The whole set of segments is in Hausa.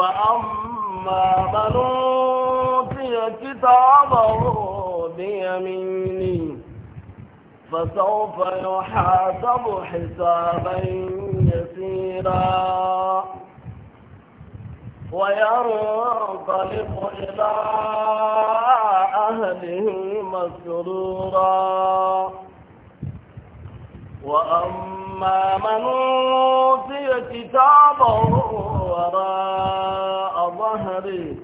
فأما من أوتي كتابه بيمينه فسوف يحاسب حسابا يسيرا وينطلق إلى أهله مسرورا وأما من أوتي كتابه وراء ظهري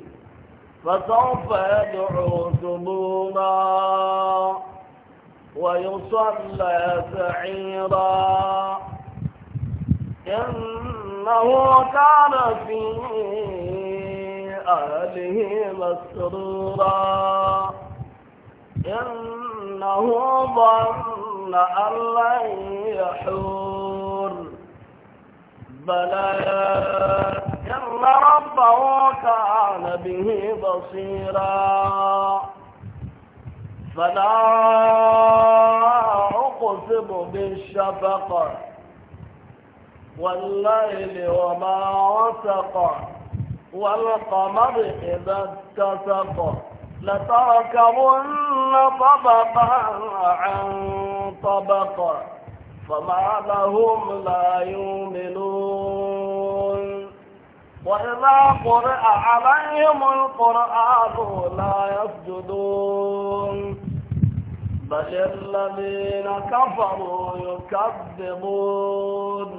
فسوف يدعو ثبورا ويصلى سعيرا إنه كان في أهله مسرورا إنه ظن أن لن يحور بلى إن ربه كان به بصيرا فلا أقسم بالشفق والليل وما وسق والقمر إذا اتسق لتركبن طبقا عن طبقا فما لهم لا يؤمنون وإذا قرأ عليهم القرآن لا يسجدون بل الذين كفروا يكذبون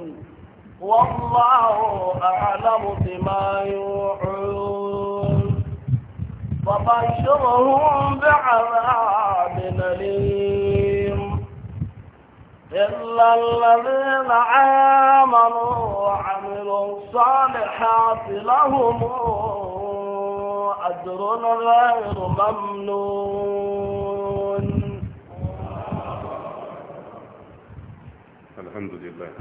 والله أعلم بما يوحون فبشرهم بعذاب أليم إلا الذين آمنوا وعملوا الصالحات لهم أجر غير ممنون الحمد لله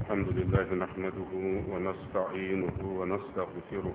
الحمد لله نحمده ونستعينه ونستغفره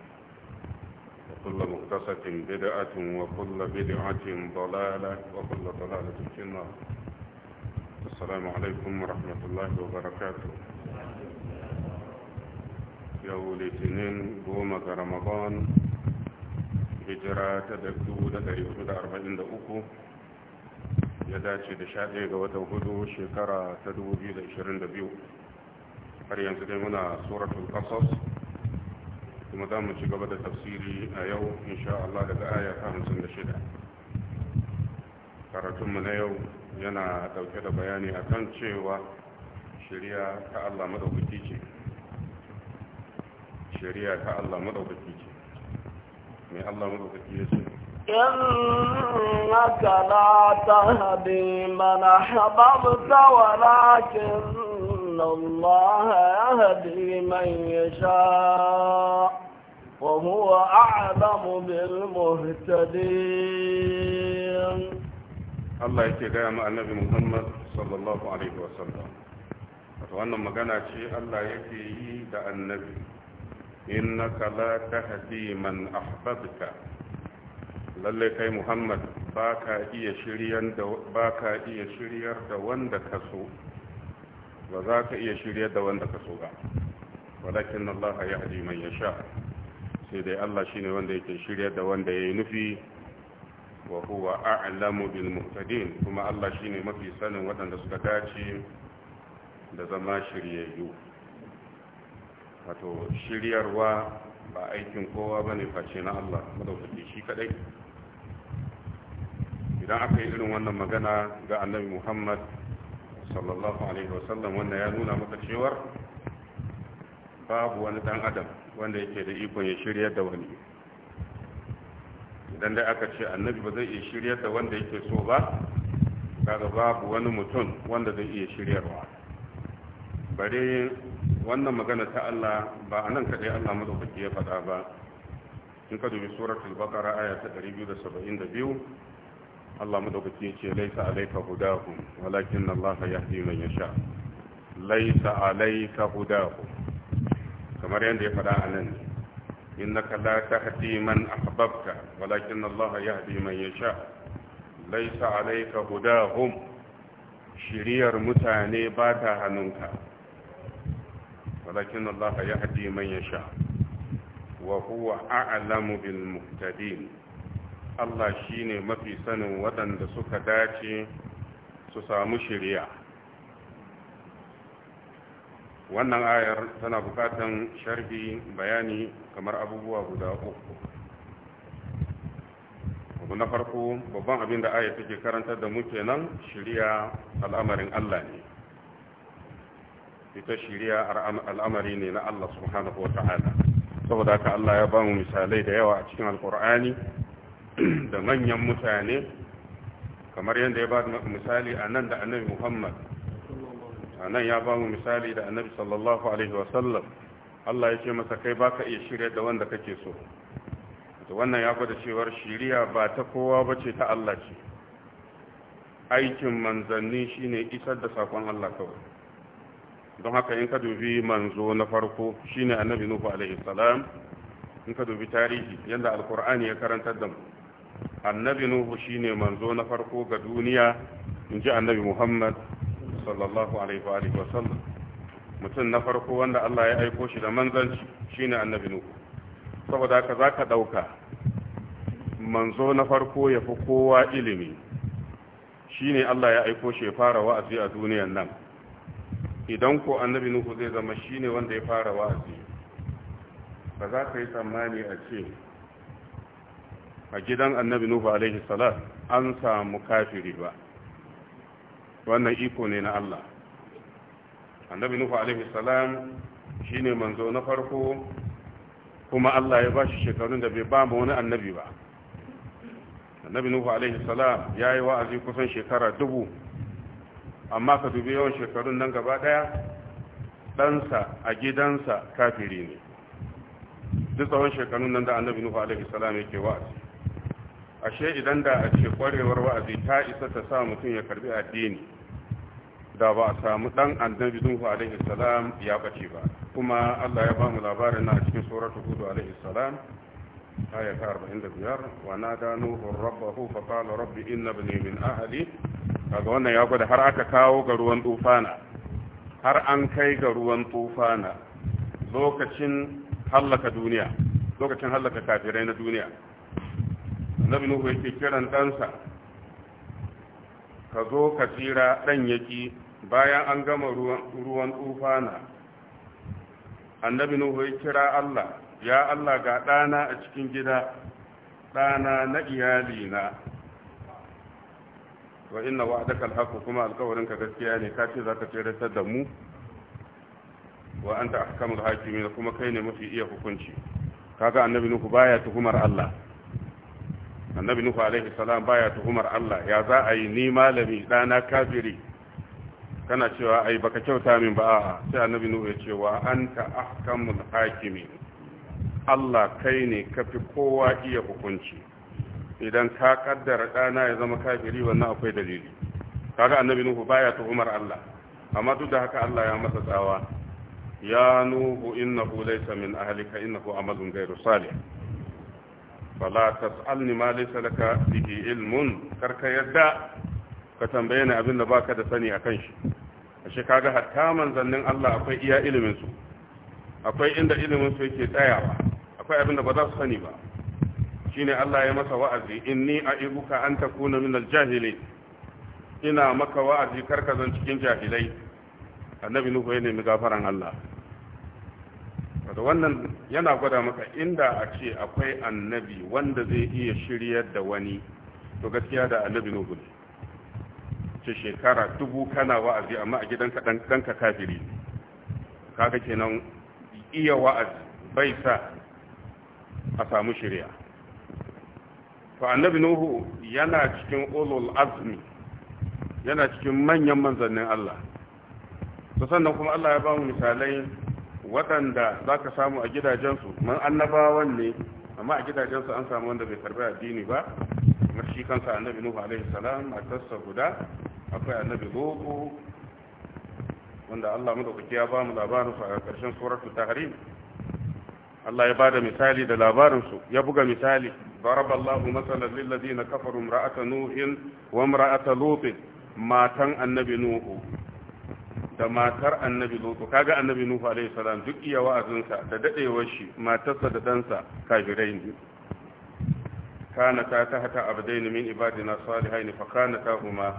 وكل مقتصة بدعة وكل بدعة ضلالة وكل ضلالة في النار السلام عليكم ورحمة الله وبركاته يوم الاثنين قومة رمضان hijira ta 1443 ya dace da 11 ga watan hudu shekara ta 2022 har yanzu dai muna suratul qasas kuma za mu ci gaba da tafsiri a yau insha Allah daga aya ta hamsin da shida karatunmu na yau yana ɗauke da bayani a kan cewa shari'a ta Allah maɗaukaki ce shari'a ta Allah maɗaukaki ce mai Allah maɗaukaki ya ce إنك لا تهدي من أحببت ولكن الله يهدي من يشاء وهو أعلم بالمهتدين Allah yake gaya ma annabi Muhammad sallallahu alaihi wasallam wato wannan magana ce Allah yake yi da annabi innaka la tahdi man kai Muhammad baka iya da baka iya shiryar da wanda ka so ba za ka iya shiryar da wanda ka so ba walakin Allah yahdi man yasha sai dai Allah ne wanda yake shirya da wanda yi nufi wa huwa a'lamu bil muhtadin kuma Allah shine mafi sanin waɗanda suka dace da zama shiryayyu wato shiryarwa ba aikin kowa ne face na Allah madaukake shi kadai idan aka yi irin wannan magana ga annabi Muhammad sallallahu alaihi wasallam wannan ya nuna maka cewar babu wani dan adam wanda yake da ikon ya shirya da wani idan da aka ce annabi ba zai iya shirya da wanda yake so ba kaga babu wani mutum wanda zai iya shiryarwa bare wannan magana ta Allah ba anan kaɗai Allah mazaukaki ya faɗa ba in ka dubi suratul baqara aya ta 272 Allah mazaukaki ya ce laisa alayka hudahum walakin Allah yahdi man yasha laisa alayka hudahum kamar yadda ya faɗa a nan innaka la tahdi man ahbabta walakin Allah yahdi man yasha laysa alayka hudahum shiriyar mutane ba ta hannunka walakin Allah yahdi man yasha wa huwa a'lamu bil muhtadin Allah shine mafi sanin waɗanda suka dace su samu shiriya wannan ayar tana bukatan sharhi bayani kamar abubuwa guda uku abu na farko babban abin da ayar take karantar da mu kenan shirya al'amarin Allah ne ita shirya al'amari ne na Allah subhanahu wata'ala saboda haka Allah ya ba mu misalai da yawa a cikin alkur'ani da manyan mutane kamar yadda ya ba misali a nan da annabi muhammad anan ya ba mu misali da annabi sallallahu alaihi wasallam Allah ya ce masa kai baka iya shirya da wanda kake so Da wannan ya gwada cewar shiriya ba ta kowa bace ta Allah ce aikin manzanni shine isar da sakon Allah kawai don haka in ka dubi manzo na farko shine annabi nuhu alaihi salam in ka dubi tarihi yadda alkur'ani ya karantar da mu annabi nuhu shine manzo na farko ga duniya in ji annabi muhammad sallallahu alaihi wa alihi wasallam mutum na farko wanda Allah ya aiko shi da manzanci shine annabi nuhu saboda haka zaka dauka manzo na farko ya fi kowa ilimi shine Allah ya aiko shi ya fara wa'azi a duniyar nan idan ko annabi nuhu zai zama shine wanda ya fara wa'azi ba za ka yi tsammani a ce a gidan annabi nuhu alaihi salat an samu kafiri ba wannan iko ne na Allah annabi nuhu alaihi salam shine manzo na farko kuma Allah ya bashi shekarun da bai ba mu wani annabi ba annabi nuhu alaihi salam yayi wa'azi kusan shekara dubu amma ka dubi yawan shekarun nan gaba daya ɗansa a gidansa kafiri ne duk tsawon shekarun nan da annabi nuhu alaihi salam yake wa'azi ashe idan da a ce kwarewar wa'azi ta isa ta sa mutum ya karbi addini da ba a samu dan annabi nuhu alaihi salam ya bace ba kuma Allah ya ba mu labarin na cikin suratu hud alaihi salam ta 45 Nuhu rabbahu fa qala rabbi inna ابني min ahli kaga wannan ya gwada har aka kawo ga ruwan tufana har an kai ga ruwan tufana lokacin hallaka duniya lokacin hallaka kafirai na duniya annabi nuhu yake kiran ɗansa ka zo ka tsira ɗan yaki bayan an gama ruwan tsufana annabi nuhu ya kira allah ya allah ga ɗana a cikin gida ɗana na iyalina wa inna wa'adaka alhaqu kuma alkawarinka gaskiya ne ka ce zaka da mu wa anta ahkamul hakimin kuma kai ne mafi iya hukunci kaga annabi nuhu baya tuhumar allah annabi nuhu alaihi salam baya tuhumar Allah ya za a yi ni malami dana kafiri kana cewa ai baka kyauta min ba a'a sai annabi nuhu ya cewa anta ahkamul hakimi Allah kai ne kafi kowa iya hukunci idan ka kaddara dana ya zama kafiri wannan akwai dalili kaga annabi nuhu baya tuhumar Allah amma duk da haka Allah ya masa tsawa ya nuhu innahu laysa min ahlika innahu amalun ghayru salih fala tas'alni ma laysa laka bihi ilmun karka ka tambaye ni abin da baka da sani akan shi ashe kaga hatta manzannin Allah akwai iya ilimin akwai inda ilimin su yake tsayawa akwai abin da ba za su sani ba shine Allah ya masa wa'azi inni a'ibuka an takuna min al ina maka wa'azi karka zan cikin jahilai annabi nuhu ya nemi gafaran Allah da wannan yana gwada maka inda a ce akwai annabi wanda zai iya shiryar da wani to gaskiya da annabi nuhu ne ce shekara dubu kana wa'azi amma a gidanka ɗanka kafiri kaga kenan iya wa'azi bai sa a samu shirya to annabi nuhu yana cikin ulul azmi yana cikin manyan manzannin Allah to sannan kuma Allah ya ba mu misalai waɗanda za ka samu a gidajensu man annabawan ne amma a gidajensu an samu wanda bai karbi addini ba kamar shi kansa annabi nuhu alaihi salam a matarsa guda akwai annabi lobo wanda Allah madaukaki ya ba mu labarin su a ƙarshen suratul tahrim Allah ya bada misali da labarin su ya buga misali ضرب الله مثلا للذين كفروا امرأة نوح وامرأة لوط ماتن النبي نوح da matar annabi lutu kaga annabi nuhu alaihi salam duk iya wa'azinsa da dadewar shi matarsa da ɗansa kafirai ne كانتا تحت عبدين من عبادنا الصالحين فخانتاهما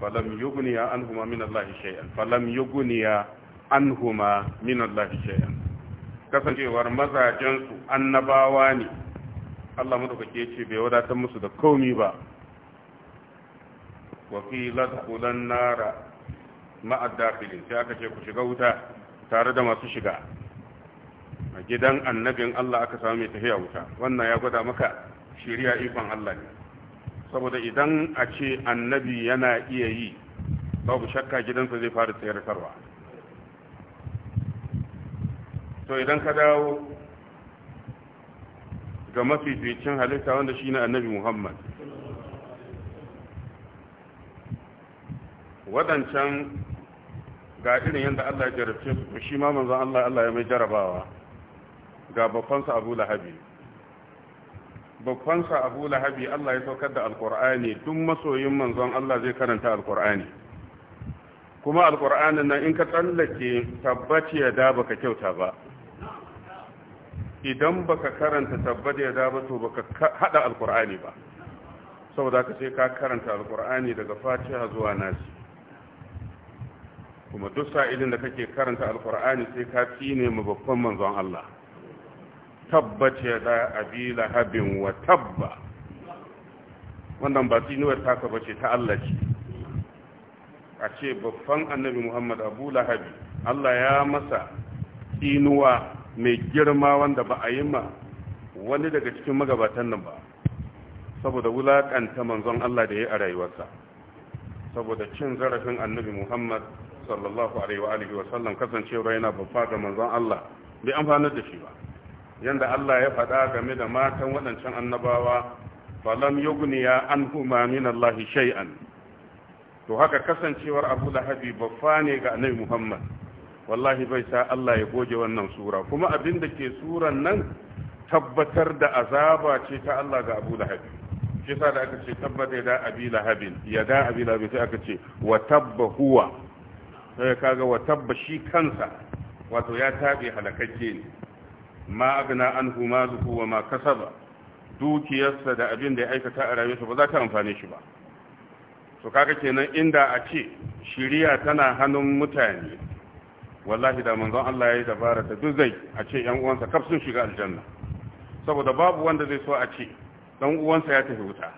فلم يغنيا عنهما من الله شيئا فلم يغنيا عنهما من الله شيئا kasancewar mazajen su annabawa ne Allah madaukake ya ce bai wadatar musu da komi ba wa fi ladkhulan nara ma'ad sai aka ce ku shiga wuta tare da masu shiga a gidan annabin Allah aka samu mai tafiya wuta wannan ya gwada maka shiriya ikon Allah ne saboda idan a ce annabi yana iya yi babu shakka gidansa zai fara tsayar karwa to idan ka dawo ga mafi mafificin halitta wanda shi ne annabi muhammad waɗancan ga irin yadda Allah ya jarabce su shi ma manzon Allah Allah ya mai jarabawa ga babbansa Abu Lahabi babbansa Abu Lahabi Allah ya saukar da Alkur'ani duk masoyin manzon Allah zai karanta Alkur'ani kuma Alkur'anin nan in ka tsallake tabbaci ya da baka kyauta ba idan baka karanta tabbaci ya da ba to baka hada Alkur'ani ba saboda ka ce ka karanta Alkur'ani daga Fatiha zuwa Nasi kuma duk sa'ilin da kake karanta alkur'ani sai ka tsine mu babban manzon Allah tabbace da abi lahabin wa tabba wannan ba tsinuwar taka bace ta Allah ce a ce babban annabi Muhammad Abu Lahabi Allah ya masa tsinuwa mai girma wanda ba a yi ma wani daga cikin magabatan nan ba saboda wulakanta manzon Allah da ya a rayuwarsa saboda cin zarafin annabi Muhammad sallallahu alaihi wa wa kasancewa yana babba ga manzon Allah bai amfana da shi ba yanda Allah ya faɗa game da matan waɗancan annabawa falam yugniya anhuma min Allah shay'an to haka kasancewar Abu Lahabi babba ne ga Annabi Muhammad wallahi bai sa Allah ya goge wannan sura kuma abin da ke suran nan tabbatar da azaba ce ta Allah ga Abu Lahabi shi sa da aka ce tabbata da Abi Lahabin ya da Abi sai aka ce wa tabba huwa sai kaga wa tabbashi kansa wato ya tabe halakakke ne ma an huma maluhu wa ma kasaba dukiyarsa da abin da ya aikata a rayuwarsa ba za ta amfane shi ba to kaga kenan inda a ce shiriya tana hannun mutane wallahi da manzon Allah ya yi dabara ta duk zai a ce yan uwansa kaf sun shiga aljanna saboda babu wanda zai so a ce dan uwansa ya tafi wuta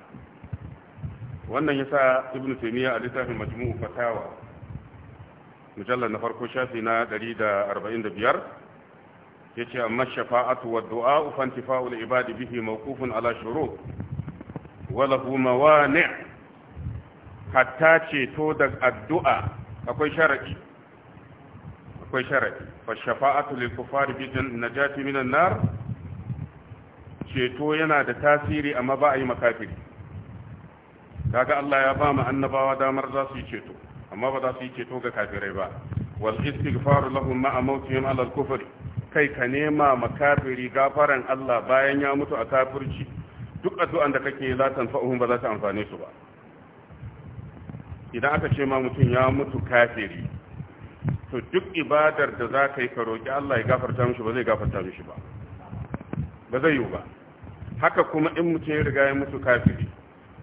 wannan yasa ibnu taymiya a littafin majmu'u fatawa mujallar na farko shafi na 145 yace amma shafa'atu wa du'a fantifa'ul ibadi bihi mawqufun ala shurut wa lahu hatta ceto da addu'a akwai sharadi akwai sharadi fa shafa'atu lil kufari bi najati minan nar ceto yana da tasiri amma ba a yi makafiri kaga Allah ya ba mu annabawa damar za su yi ceto amma ba za su yi ceto ga kafirai ba wal istighfar lahum ma mawtihim ala al-kufr kai ka nema makafiri gafaran Allah bayan ya mutu a kafirci duk addu'an da kake za ta fa'u ba za ta amfane su ba idan aka ce ma mutum ya mutu kafiri to duk ibadar da za ka yi ka roƙi Allah ya gafarta mishi ba zai gafarta mishi ba ba zai yiwu ba haka kuma in mutum ya riga ya mutu kafiri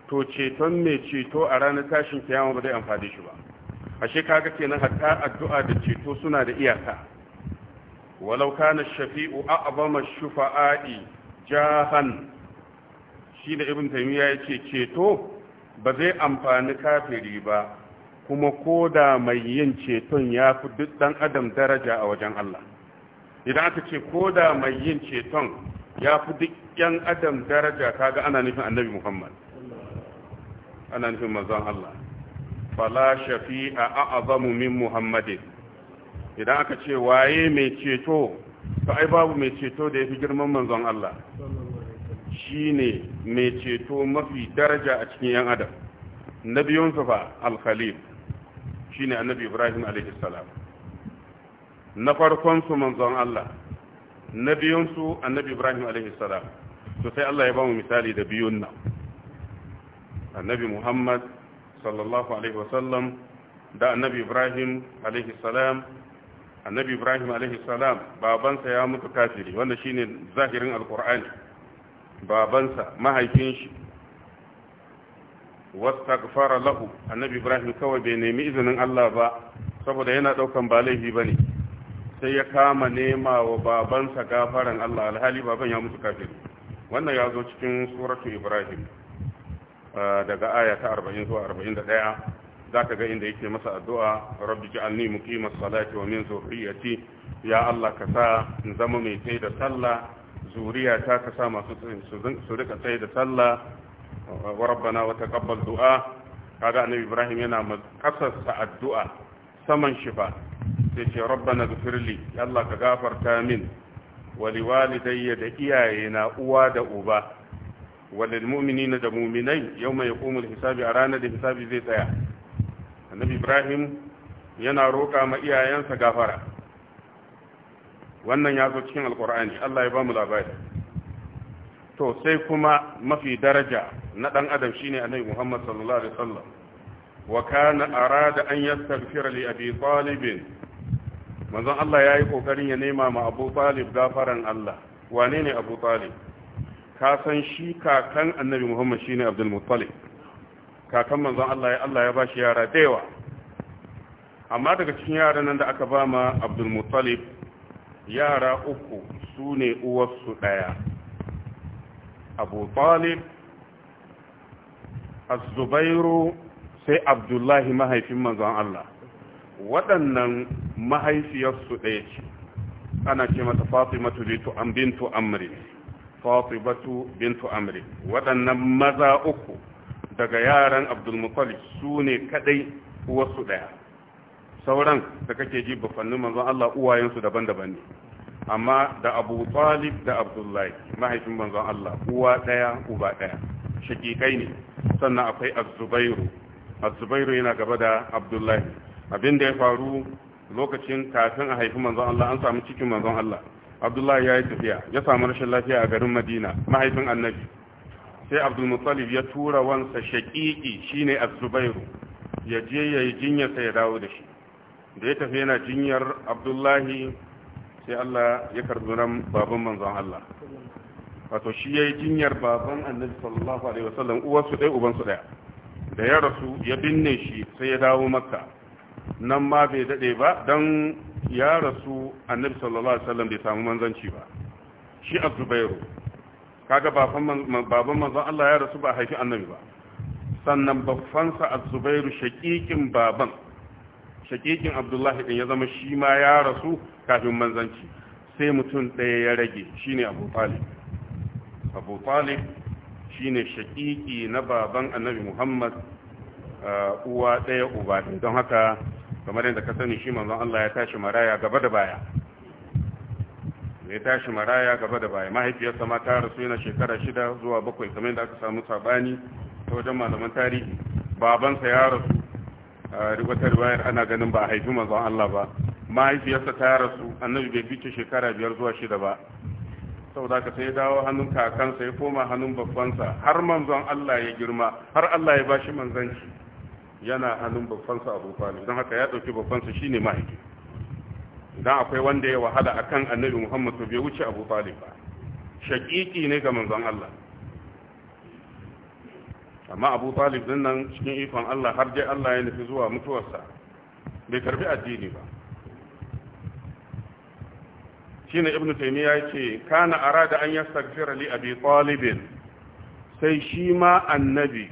to ceton mai ceto a ranar tashin kiyama ba zai amfani shi ba ashe kaga kenan hatta addu'a da ceto suna da iyaka walau kana shafi'u a'zama shufa'i jahan shi da ibn taymiya yace ceto ba zai amfani kafiri ba kuma koda mai yin ceton ya fi duk dan adam daraja a wajen Allah idan aka ce koda mai yin ceton ya fi duk yan adam daraja kaga ana nufin annabi Muhammad ana nufin manzon Allah fala shafi'a a'azamu min muhammadin idan aka ce waye mai ceto to ai babu mai ceto da yafi girman manzon Allah shine mai ceto mafi daraja a cikin yan adam nabiyun fa al-khalil shine annabi Ibrahim alaihi salam na farkon su manzon Allah na biyun su annabi Ibrahim alaihi salam to sai Allah ya ba mu misali da biyun nan annabi Muhammad sallallahu alaihi wasallam da annabi ibrahim alaihi salam annabi ibrahim alaihi salam babansa ya mutu kafiri wanda shine zahirin alqur'ani babansa mahaifin shi wastaghfara lahu annabi ibrahim kawai bai nemi izinin Allah ba saboda yana daukan ba laifi bane sai ya kama nema wa babansa gafaran Allah alhali baban ya mutu kafiri wannan ya zo cikin suratu ibrahim daga aya ta 40 zuwa 41 zaka ga inda yake masa addu'a rabbi ja'alni muqimas salati wa min zurriyyati ya Allah ka sa in zama mai tsaye da sallah zuriya ta ka sa masu su rika tsaye da sallah wa rabbana wa taqabbal du'a kaga annabi Ibrahim yana kasarsa addu'a saman shifa sai ce rabbana gfirli Allah ka gafarta min wa liwalidayya da iyayena uwa da uba walil na da mu'minai mai yaqumul hisabi a ranar da hisabi zai tsaya annabi ibrahim yana roƙa ma iyayensa gafara wannan ya zo cikin alkur'ani Allah ya ba mu labari to sai kuma mafi daraja na dan adam shine annabi Muhammad sallallahu alaihi wasallam wa kana arada an yastaghfira li abi talib manzon Allah yayi kokarin ya nema ma Abu Talib gafaran Allah wane ne Abu Talib ka san shi kakan annabi muhammad shine abdul muttalib kakan manzon Allah ya Allah ya shi yara da yawa amma daga cikin yaran nan da aka ba ma abdul yara uku su ne uwarsu ɗaya abu talib azubairu sai abdullahi mahaifin manzon Allah waɗannan mahaifiyarsu ɗaya ce ana ce mata fatimatu bintu amri fatibatu bintu amri waɗannan maza uku daga yaran abdulmuttalib su ne kaɗai uwarsu ɗaya sauran da kake ji bafannin manzon Allah uwayensu daban-daban ne amma da abu talib da abdullahi mahaifin manzon Allah uwa ɗaya uba ɗaya shakikai ne sannan akwai azubairu azubairu yana gaba da abdullahi abin da ya faru lokacin kafin a haifi manzon Allah an samu cikin manzon Allah abdullahi ya yi tafiya ya samu rashin lafiya a garin madina mahaifin annabi sai abdulmutsalif ya tura wansa shaƙiƙi shine Zubairu ya je ya yi jinyar jinyarsa ya dawo da shi da ya tafi yana jinyar abdullahi sai allah ya karbi ran baban manzon allah wato shi ya yi jinyar baban annabi sallallahu alaihi wasallam uwarsu ɗaya ubansu ɗaya da ya rasu ya binne shi sai ya dawo makka nan ma bai daɗe ba don ya rasu annabi sallallahu alaihi wasallam bai samu manzanci ba shi Zubairu kaga baban manzon Allah ya rasu ba haifi annabi ba sannan az azubairu shakikin baban shakikin abdullahi din ya zama shi ma ya rasu kafin manzanci sai mutum ɗaya ya rage shine abu talib abu talib shine shakiki na baban annabi muhammad Uh, uwa ɗaya uba ɗaya don haka kamar yadda ka sani shi manzon Allah ya tashi maraya gaba da baya ya tashi maraya gaba da baya mahaifiyarsa ma ta rasu yana shekara shida zuwa bakwai kamar yadda aka samu sabani ta wajen malaman tarihi babansa ya rasu uh, wata riwayar ana ganin ba a haifi manzon Allah ba mahaifiyarsa ta rasu annabi bai fice shekara biyar zuwa shida ba saboda ka sai dawo hannun kakansa ya koma hannun babbansa har manzon Allah ya girma har Allah ya bashi manzanci yana hannun babbansa abu Fali don haka ya ɗauki babbansa shine mahaifi idan akwai wanda ya wahala akan annabi muhammad to bai wuce abu talib ba shakiki ne ga manzon allah amma abu talib din nan cikin ikon allah har dai allah ya nufi zuwa mutuwarsa bai karbi addini ba shine ibn taymiya ce kana arada an yastaghfira li abi talib sai shi ma annabi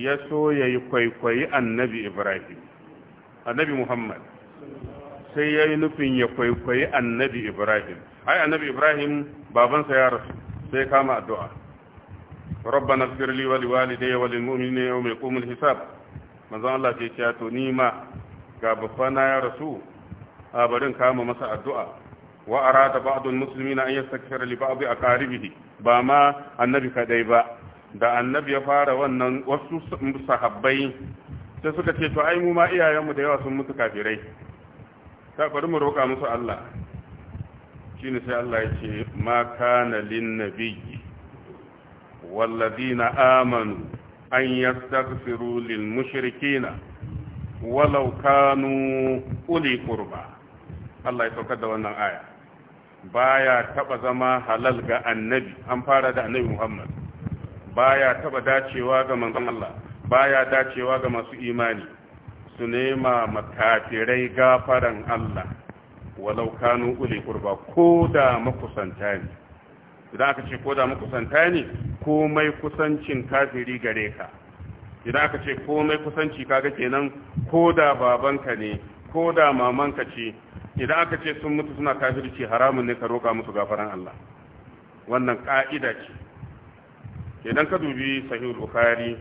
ya so ya yi kwaikwayi annabi ibrahim annabi muhammad sai ya yi nufin ya kwaikwayi annabi ibrahim ai annabi ibrahim babansa ya rasu sai kama addu'a rabbana wali li wa liwalidayya wa lil mu'minina mai yaqumul hisab manzan Allah ke cewa to ni ma ga babana ya rasu a barin kama masa addu'a wa arada ba'd al muslimina an yastaghfira li ba'd aqaribihi ba ma annabi kadai ba da annabi ya fara wannan wasu sahabbai ta suka ce to ai mu ma iyayenmu da yawa sun mutu kafirai ta bari mu roƙa musu Allah shine sai Allah ya ce ma kana lin nabiyyi ladina amanu an yastaghfiru lil mushrikina walau kanu uli qurba Allah ya saukar da wannan aya baya taba zama halal ga annabi an fara da annabi Muhammad baya taba dacewa ga manzon Allah baya dacewa ga masu imani su nema makafirai gafaran Allah walau kanu uli kurba ko da makusanta ne idan aka ce ko da makusanta ne komai kusancin kafiri gare ka idan aka ce komai kusanci kaga kenan ko da babanka ne ko da mamanka ce idan aka ce sun mutu suna kafirci haramun ne ka roƙa musu gafaran Allah wannan ka'ida ce idan ka dubi sahihul bukhari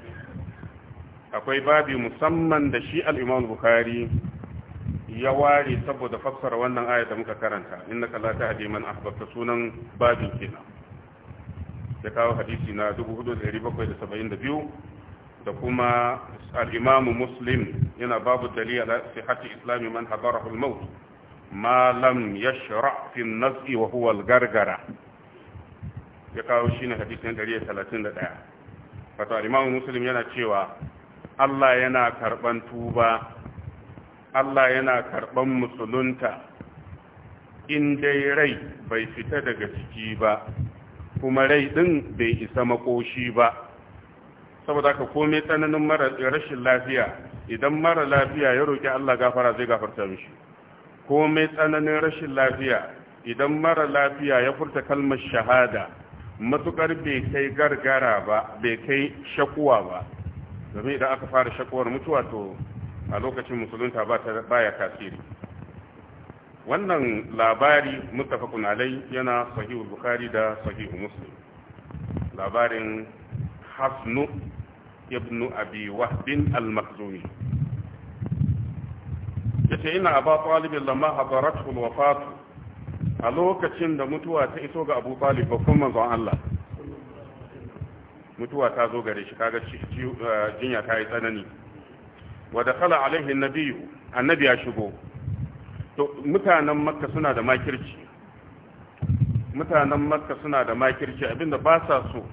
akwai babi musamman da shi al-imam bukhari ya ware saboda fassara wannan aya da muka karanta innaka la tahdi man ahbabta sunan babin kenan ya kawo hadisi na 4772 da kuma al-imam muslim yana babu dalil ala sihhati islami man hadarahu al-maut ma lam yashra fi an-naz'i wa huwa al-gargara ya kawo shi ne hadisin 131 wato al-imamu yana cewa Allah yana karban tuba Allah yana karban musulunta in dai rai bai fita daga ciki ba kuma rai din bai isa makoshi ba saboda ka komai tsananin rashin lafiya idan mara lafiya ya roƙi Allah gafara zai gafarta mishi komai tsananin rashin lafiya idan mara lafiya ya furta kalmar shahada matukar bai kai gargara ba bai kai shakuwa ba domin idan aka fara shakuwar mutuwa to a lokacin musulunta ba ta baya tasiri wannan labari Mustapha alai yana sahihul bukhari da sahihu muslim labarin hasnu ibn abi wahbin al-makhzumi yace ina aba talibin lamma hadaratu al-wafatu a lokacin da mutuwa ta iso ga abu talib babban manzon Allah mutuwa ta zo gare shi kaga uh, jinya ta yi tsanani wa da kala alaihi nabiyu annabi ya shigo to mutanen makka suna da makirci mutanen makka suna da makirci abinda ba sa so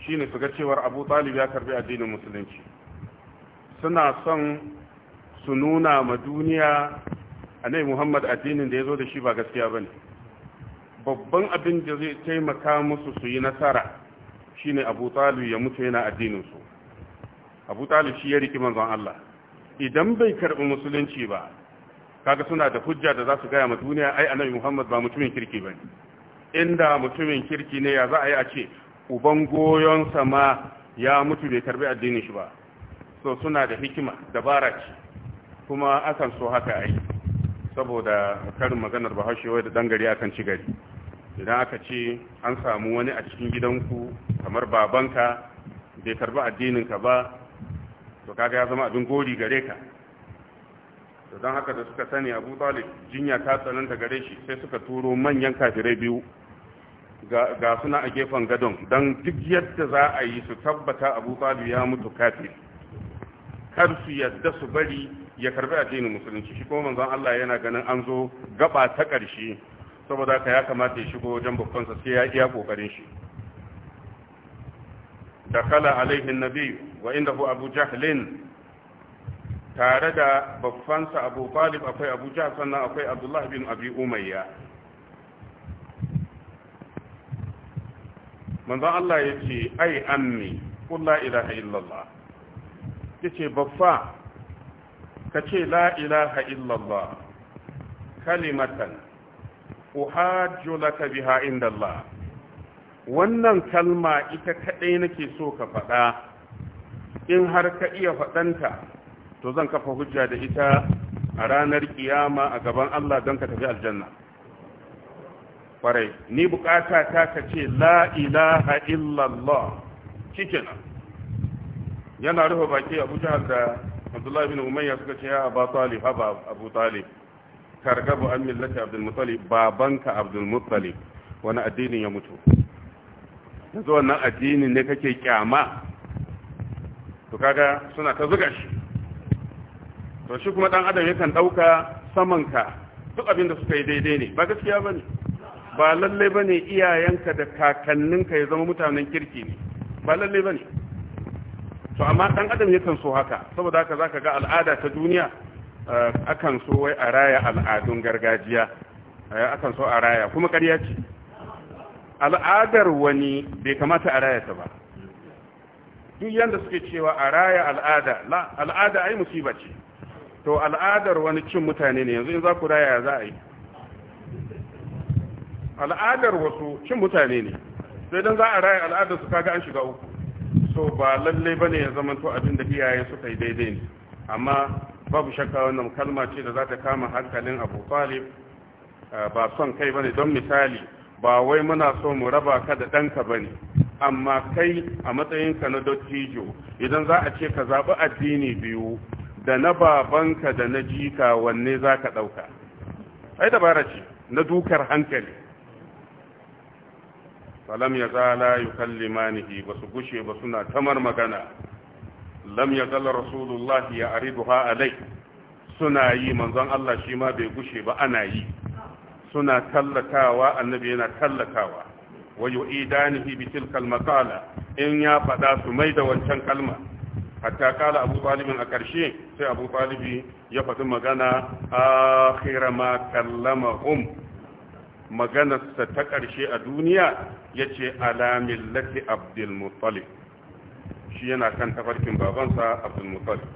shine su ga cewar abu talib ya karbi addinin musulunci suna son su nuna ma duniya annabi muhammad addinin da ya zo da shi ba gaskiya ba ne babban abin da zai taimaka musu su yi nasara shine Abu Talib ya mutu yana addinin su Abu Talib shi ya riki manzon Allah idan bai karbi musulunci ba kaga suna da hujja da za su gaya ma duniya ai annabi Muhammad ba mutumin kirki bane inda mutumin kirki ne ya za a yi a ce uban goyon sama ya mutu bai karbi addinin shi ba so suna da hikima dabara ce kuma akan so haka ai saboda karin maganar bahaushe wai da dangare akan ci gari idan aka ce an samu wani a cikin gidanku kamar babanka bai karbi addininka ba to kaga ya zama abin gori gare ka to don haka da suka sani abu talib jinya ta tsananta gare shi sai suka turo manyan kafirai biyu ga suna a gefen gadon don duk yadda za a yi su tabbata abu talib ya mutu kafir kar su yadda su bari ya karbi addinin musulunci shi kuma manzon Allah yana ganin an zo gaba ta ƙarshe saboda ka ya kamata ya shigo wajen babbansa sai ya iya kokarin shi dakala alaihi nabi wa inda indahu abu jahlin tare da babbansa abu talib akwai abu jahl sannan akwai abdullah bin abi umayya manzon Allah ya ce ai ammi qul la ilaha illallah ce, babba kace la ilaha illallah kalimatan uhajju laka biha inda Allah wannan kalma ita kadai nake so ka faɗa in har ka iya faɗanta to zan kafa hujja da ita a ranar kiyama a gaban Allah don ka tafi aljanna farai ni bukata ta ka ce la ilaha illallah cikin yana rufe baki abu jihar da abdullahi bin umayya suka ce ya abu talib abu talib targabu an millati abdul muttalib babanka abdul muttalib wani addinin ya mutu yanzu wannan addinin ne kake kyama to kaga suna ta zuga shi to shi kuma dan adam yakan dauka samanka duk abin da suka yi daidai ne ba gaskiya bane ba lalle bane iyayenka da kakanninka ya zama mutanen kirki ne ba lalle bane to amma dan adam yakan so haka saboda haka zaka ga al'ada ta duniya Eh, akan so wai a raya al'adun gargajiya eh, akan so a raya kuma ƙarya ce al'adar wani bai kamata a raya ta ba duk yadda suke cewa a raya al'ada al'ada ai musiba ce to al'adar wani cin mutane ne yanzu in za ku raya za a yi al'adar wasu cin mutane ne sai don za a raya al'adar su kaga an shiga uku so ba lallai ba ne ya to abin da iyaye suka yi daidai ne amma babu shakka wannan kalma ce da za ta kama hankalin abu talib ah, ba son kai bane don misali ba wai muna so mu raba ka da ɗanka bane amma kai a matsayinka na dottijo idan za a ce ka zaɓi addini biyu da na babanka da na jika wanne za ka ɗauka ai dabara ce na dukar hankali falam ya zala yi kallimanihi ba su gushe ba suna tamar magana lam yazal rasulullahi ya ariduha alai suna yi manzon Allah shi ma bai gushe ba ana yi suna tallatawa annabi yana tallatawa wa yu'idanihi bi tilkal maqala in ya fada su mai da wancan kalma hatta kala abu talibin a ƙarshe sai abu talibi ya faɗi magana akhira ma kallama um maganarsa ta ƙarshe a duniya ya ce ala millati abdul muttalib shi yana kan tafarkin babansa abdulmutalib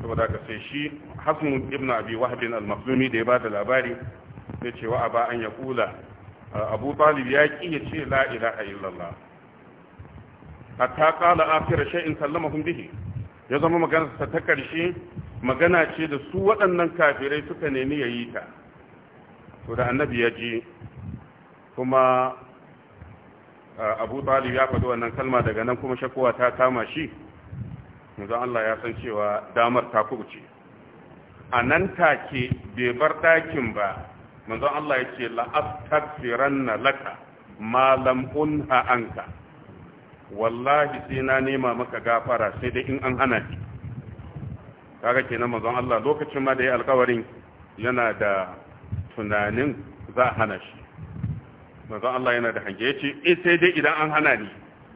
saboda ka sai shi hasmu ibn abi wahabin al-maslumi da ya ba da labari Sai cewa a ba an ya kula abu talib ya ki ya ce la ilaha illallah hatta qala akhir shay'in sallamahum bihi ya zama magana ta karshe magana ce da su waɗannan kafirai suka nemi yayi ta to da annabi ya ji kuma abu talib ya faɗi wannan kalma daga nan kuma shakowa ta kama shi manzon Allah ya san cewa damar ta kubuce a nan take bai bar ɗakin ba manzo Allah ya ce la'astaghfiranna laka ma lam unha anka wallahi sai na nema maka gafara sai dai in an hana ki kaga kenan manzo Allah lokacin ma da ya alƙawarin yana da tunanin za a hana shi manzon Allah yana da hange yace eh sai dai idan an hana ni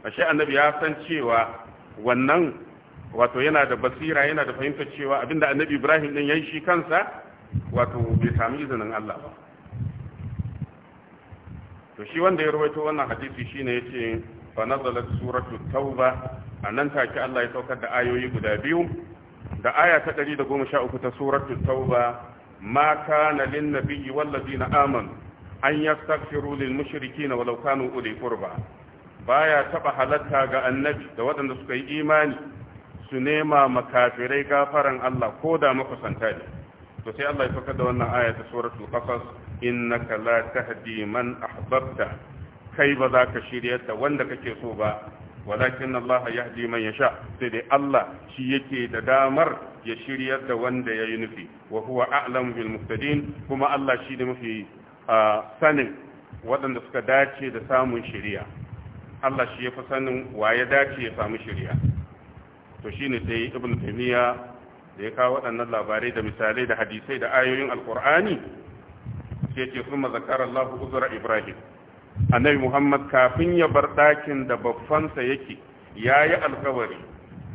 ashe annabi ya san cewa wannan wato yana da basira yana da fahimtar cewa abinda annabi Ibrahim din yayi shi kansa wato bai sami izinin Allah ba to shi wanda ya rawaito wannan hadisi shine yace fa nazalat suratu tauba anan take Allah ya saukar da ayoyi guda biyu da aya ta 113 ta suratu tauba ma kana lin nabiyyi wal ladina amanu an yastaghfiru lil mushrikina walau kanu uli qurba baya taba halatta ga annabi da waɗanda suka yi imani su nema makafirai gafaran Allah ko da makusanta ne to sai Allah ya saukar da wannan aya ta suratul qasas innaka la tahdi man ahbabta kai ba za ka shirya da wanda kake so ba walakin Allah yahdi man yasha sai dai Allah shi yake da damar ya shirya da wanda yayi nufi wa huwa a'lamu bil muhtadin kuma Allah shi ne mafi A sanin waɗanda suka dace da samun shirya Allah shi ya fi sanin wa ya dace ya samu shirya to shi ne sai ibn taymiya da ya kawo waɗannan labarai da misalai da hadisai da ayoyin alkur'ani sai ce sun zakarar lahu uzura ibrahim annabi muhammad kafin ya bar ɗakin da babbansa yake ya yi alkawari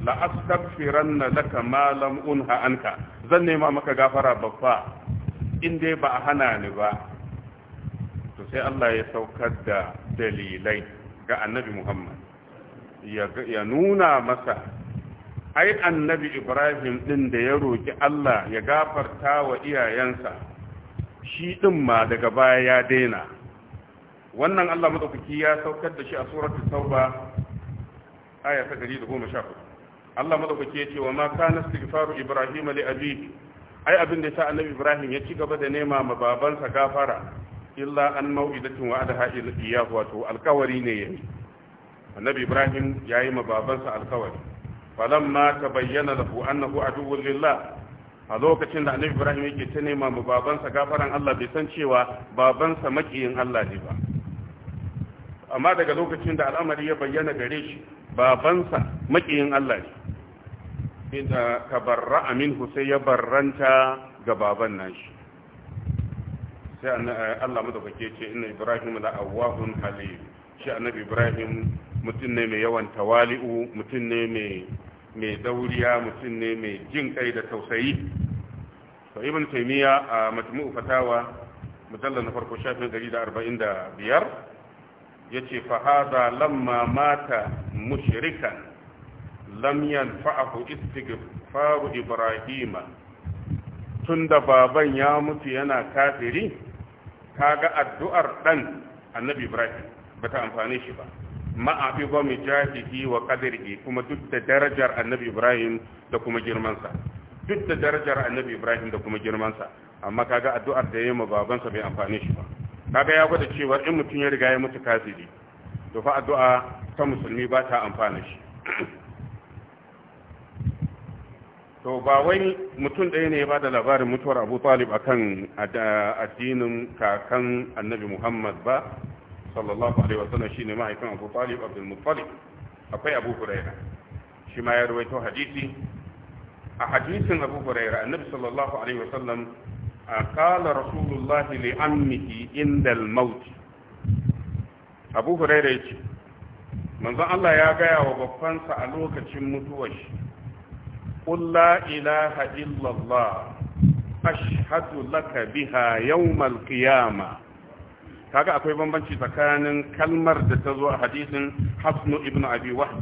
la'astaghfiran na laka malam unha anka zan nema maka gafara babba in dai ba a hana ni ba sai Allah ya saukar da dalilai ga annabi Muhammad ya nuna masa ai annabi Ibrahim din da ya roki Allah ya gafarta wa iyayensa shi din ma daga baya ya daina wannan Allah madaukaki ya saukar da shi a suratul tauba aya ta 114 Allah madaukaki ya ce wa ma kana istighfaru Ibrahim li abihi ai abin da sa annabi Ibrahim ya ci gaba da nema ma babansa gafara illa an mau'idatin wa'adaha iyahu wato alkawari ne ya yi annabi ibrahim yayi ma babansa alkawari falamma tabayyana lahu annahu aduwwun lillah a lokacin da annabi ibrahim yake ta nema ma babansa gafaran Allah bai san cewa babansa makiyin Allah ne ba amma daga lokacin da al'amari ya bayyana gare shi babansa makiyin Allah ne inda ka barra amin sai ya barranta ga baban nashi sai eh, Allah madaukake ce inna ibrahim la awwahun halim shi annabi ibrahim mutum ne mai yawan tawali'u mutum ne mai mai dauriya mutum ne mai jin kai da tausayi to ibn taymiya a majmu'u fatawa mujallal na farko shafin 145 yace fa hada lamma mata mushrikan lam yanfa'ahu istighfaru Ibrahim. tunda baban ya mutu yana kafiri kaga addu'ar dan annabi ibrahim ba ta amfane shi ba ma'a bi gomi jahihi wa qadrihi kuma duk da darajar annabi ibrahim da kuma girmansa duk da darajar annabi ibrahim da kuma girmansa amma kaga addu'ar da yayi ma babansa bai amfane shi ba kaga ya gwada cewa in mutum ya riga ya mutu kafiri to fa addu'a ta musulmi ba ta amfana shi to ba wai mutum ɗaya ne ba da labarin mutuwar abu talib akan addinin kakan annabi muhammad ba sallallahu alaihi wasallam shine mahaifin abu talib abdul muttalib akwai abu huraira shi ma ya rawaito hadisi a hadisin abu huraira annabi sallallahu alaihi wasallam qala rasulullahi li ammihi indal al-maut abu huraira yace manzon Allah ya gaya wa babbansa a lokacin mutuwar shi قل لا إله إلا الله أشهد لك بها يوم القيامة kaga akwai bambanci tsakanin kalmar da ta zo a hadisin Hafnu ibn Abi Wahb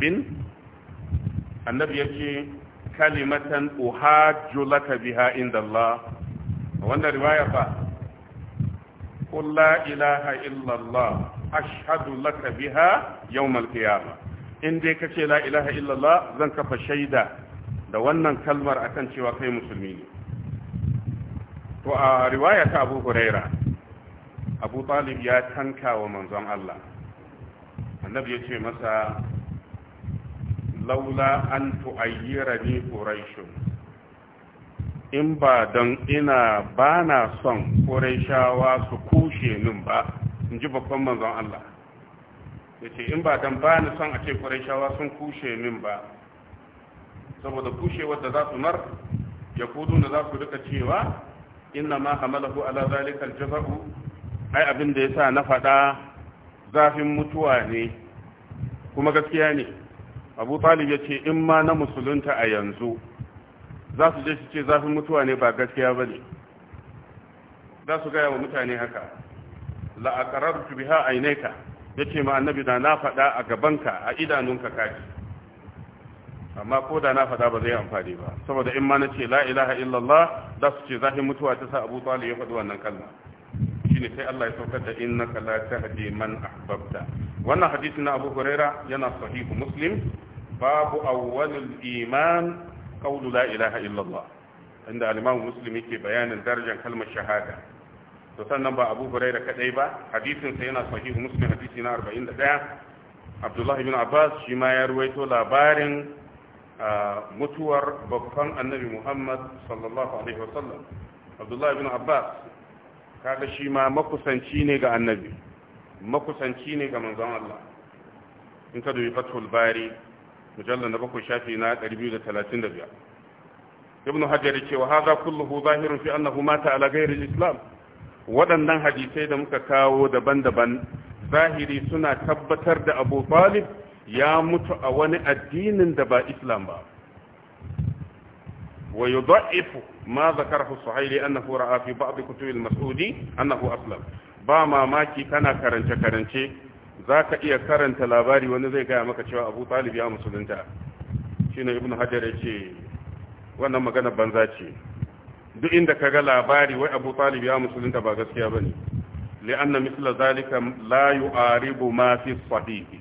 annabi yake kalimatan uhajju laka biha inda Allah wannan riwaya fa qul la ilaha illa Allah ashhadu laka biha yawm al-qiyamah in dai kace la ilaha illa Allah zan kafa shaida da wannan kalmar akan cewa kai musulmi ne to a riwaya ta abu huraira abu talib ya tanka wa manzon Allah annabi ya ce masa laula an tu'ayyira ni quraishun in ba don ina ba na son quraishawa su kushe min ba in ji babban manzon Allah ya ce in ba don ba ni son a ce ƙurashawa sun kushe min ba saboda kushe wanda za su mar yakudu da za su duka cewa inna ma hamalahu ala zalika aljaza'u ai abin da yasa na faɗa zafin mutuwa ne kuma gaskiya ne abu talib ya ce in ma na musulunta a yanzu za su je su ce zafin mutuwa ne ba gaskiya ba ne za su gaya wa mutane haka la'akarar biha aynaka ya ce ma annabi da na faɗa a gabanka a idanunka kaji amma ko da na faɗa ba zai amfani ba saboda in ma na ce la ilaha illallah za su ce zahi mutuwa ta sa abu ya faɗi wannan kalma ne sai Allah ya saukar da innaka la tahdi man ahbabta wannan hadisi na Abu Huraira yana sahihu Muslim babu awwalul iman qawlu la ilaha illallah inda al-Imam Muslim yake bayanin darajar kalmar shahada to sannan ba Abu Huraira kadai ba hadisin sa yana sahihu Muslim hadisi na 41 Abdullahi bin Abbas shi ma ya ruwaito labarin mutuwar babban annabi muhammad sallallahu alaihi wasallam abdullahi bin abbas kaga shi ma makusanci ne ga annabi makusanci ne ga manzon allah in ka dubi fathul bari mujallar na bakwai shafi na 235 ibn hajar ya ce wa haza kulluhu zahirun fi annahu mata ala ghairi islam waɗannan hadisai da muka kawo daban-daban zahiri suna tabbatar da abu talib ya mutu a wani addinin da ba islam ba wa yudha'ifu ma husu suhaili annahu ra'a fi ba'd kutub al-mas'udi annahu aslam ba mamaki kana karance karance za ka iya karanta labari wani zai gaya maka cewa Abu Talib ya musulunta ne Ibn Hajar ce wannan magana banza ce duk inda ka ga labari wai Abu Talib ya musulunta ba gaskiya ba bane li'anna mithla zalika la yu'aribu ma fi sahih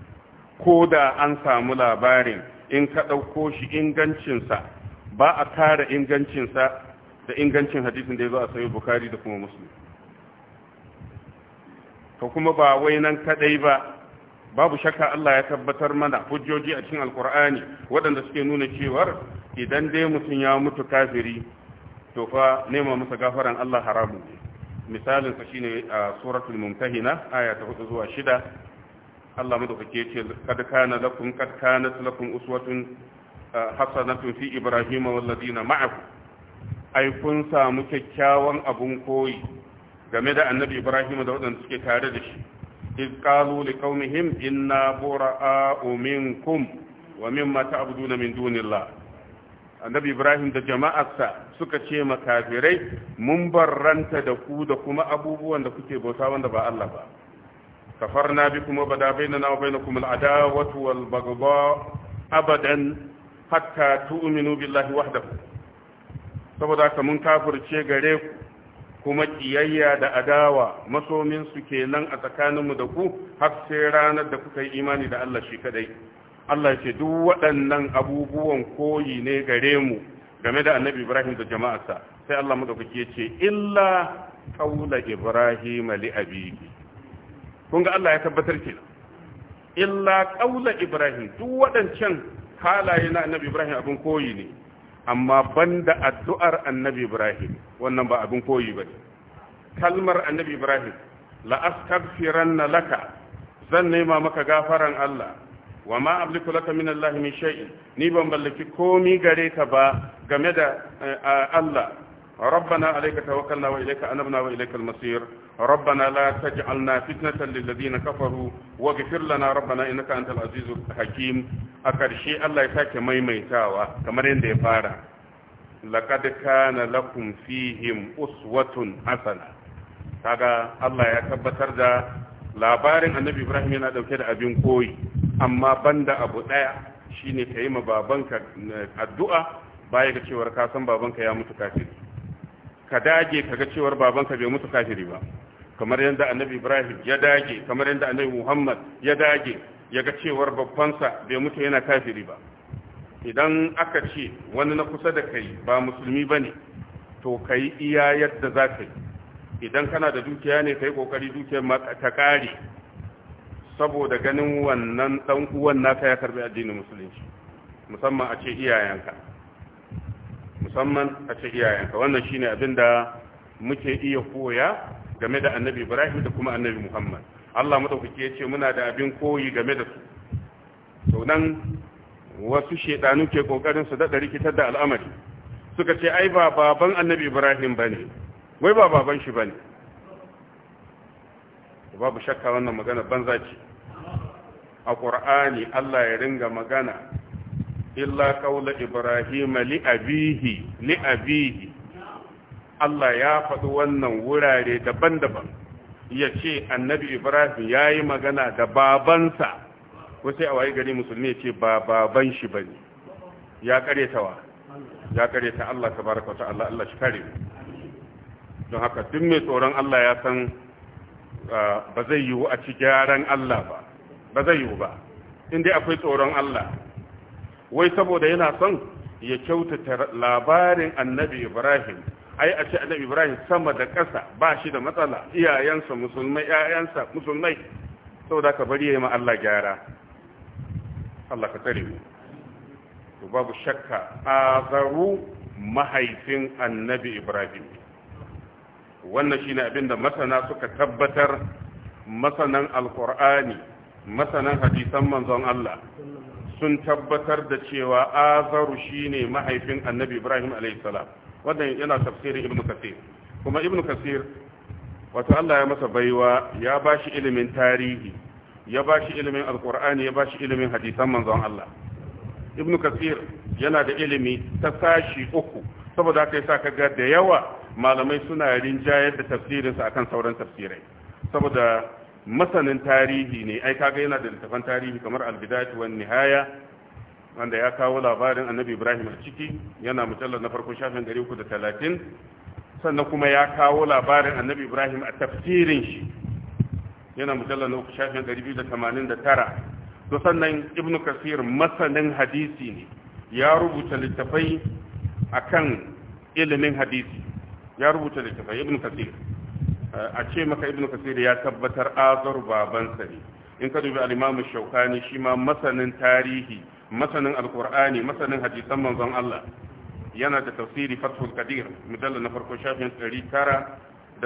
ko da an samu labarin in ka ɗauko shi ingancinsa ba a kara ingancinsa da ingancin hadisin da ya zo a sayi bukari da kuma musulun Ka kuma ba wai nan kaɗai ba babu shakka Allah ya tabbatar mana hujjoji a cikin alkur'ani waɗanda suke nuna cewar idan dai mutum ya mutu kafiri to fa nema masa gafaran Allah haramu misalin sa shine a suratul mumtahina aya ta 4 zuwa shida. Allah madaukake yace kad kana lakum kad kanat lakum uswatun hasanatun fi ibrahima wal ladina ma'ahu ai kun samu kyakkyawan abun koyi game da annabi Ibrahim da waɗanda suke tare da shi iz qalu liqaumihim inna bura'a'u minkum wa mimma ta'buduna min dunillah annabi ibrahim da jama'arsa suka ce makafirai mun barranta da ku da kuma abubuwan da kuke bauta wanda ba Allah ba kafarna bikum wa bada bainana wa bainakum al'adawatu wal baghdha abadan hatta saboda haka mun kafirce gare ku kuma kiyayya da adawa masomin kenan a tsakaninmu da ku har sai ranar da kuka yi imani da Allah shi kadai Allah ya ce duk waɗannan abubuwan koyi ne gare mu game da annabi Ibrahim da jama'arsa sai Allah madaukaki ya ce illa kaula Ibrahim li abihi kun ga Allah ya tabbatar ke. illa ƙaula ibrahim duk waɗancan halaye na annabi ibrahim abin koyi ne amma banda addu'ar annabi ibrahim wannan ba abin koyi bane kalmar annabi ibrahim la astaghfiranna laka zan nema maka gafaran Allah wa ma amliku laka min Allah min shay'in ni ban ballaki komi gare ka ba game da eh, Allah ربنا عليك توكلنا وإليك أنبنا وإليك المصير ربنا لا تجعلنا فتنة للذين كفروا واغفر لنا ربنا إنك أنت العزيز الحكيم أكرشي الله يساك ميمي تاوى كمرين دي فارا لقد كان لكم فيهم أسوة حسنة kaga Allah ya tabbatar da labarin annabi Ibrahim yana dauke da abin koyi amma banda abu daya shine ka yi ma babanka addu'a baya ga cewar ka san babanka ya mutu kafiri ka dage kaga cewar babanka bai mutu kafiri ba kamar yadda annabi ibrahim ya dage kamar yadda annabi muhammad ya dage ya ga cewar babbansa bai mutu yana kafiri ba idan aka ce wani na kusa da kai ba musulmi ba ne to ka yi iya yadda za ka yi idan kana da dukiya ne ka yi ƙoƙari dukiyar ta ƙare saboda ganin wannan ɗan uwan naka ya karɓi addinin musulunci musamman a ce iyayenka musamman a ce iyayenka wannan shine abin da muke iya koya game da annabi ibrahim da kuma annabi muhammad allah madaukaki ya ce muna da abin koyi game da su sau nan wasu shaidanu ke kokarin su daɗa rikitar da al'amari suka ce ai ba baban annabi ibrahim ba ne wai ba baban shi ba ne babu shakka wannan magana banza ce a ƙur'ani allah ya ringa magana illa qaula ibrahim li abihi li abihi Allah ya faɗi wannan wurare daban-daban ya ce annabi ibrahim ya yi magana da babansa ko sai a waye gari musulmi ya ce ba baban shi ba ne ya karetawa ya kareta Allah tabaraka wa ta'ala Allah shi kare don haka duk mai tsoron Allah ya san ba zai yiwu a ci gyaran Allah ba ba zai yiwu ba in dai akwai tsoron Allah wai saboda yana son ya kyautata labarin annabi ibrahim ai a ce annabi ibrahim sama da ƙasa ba shi da matsala iyayensa musulmai iyayensa musulmai saboda ka bari yayi ma Allah gyara Allah ka tsare mu to babu shakka azaru mahaifin annabi ibrahim wannan shine abin da masana suka tabbatar masanan alqur'ani masanan hadisan manzon Allah sun tabbatar da cewa azaru shine mahaifin annabi ibrahim alaihissalam wannan yana tafsirin ibnu kasir kuma ibnu kasir wato allah ya masa baiwa ya ba shi ilimin tarihi ya ba shi ilimin alkur'ani ya ba shi ilimin hadisan manzon allah ibnu kasir yana da ilimi ta sashi uku saboda haka yasa ga da yawa malamai suna rinjayar da tafsirinsa akan sauran tafsirai saboda masanin tarihi ne ai kaga yana da littafan tarihi kamar al wa wan nihaya wanda ya kawo labarin annabi ibrahim a ciki yana mujallar na farko shafin 330 sannan kuma ya kawo labarin annabi ibrahim a tafsirin shi yana mujallar na uku shafin 289 to sannan ibn kasir masanin hadisi ne ya rubuta littafai akan ilimin hadisi ya rubuta littafai ibn kasir a ce maka ibnu kasir ya tabbatar azar babansa ne in ka dubi al-imam shaukani shi ma masanin tarihi masanin alkur'ani masanin hadisan manzon Allah yana da tafsiri fathul qadir mujallal na farko shafin 938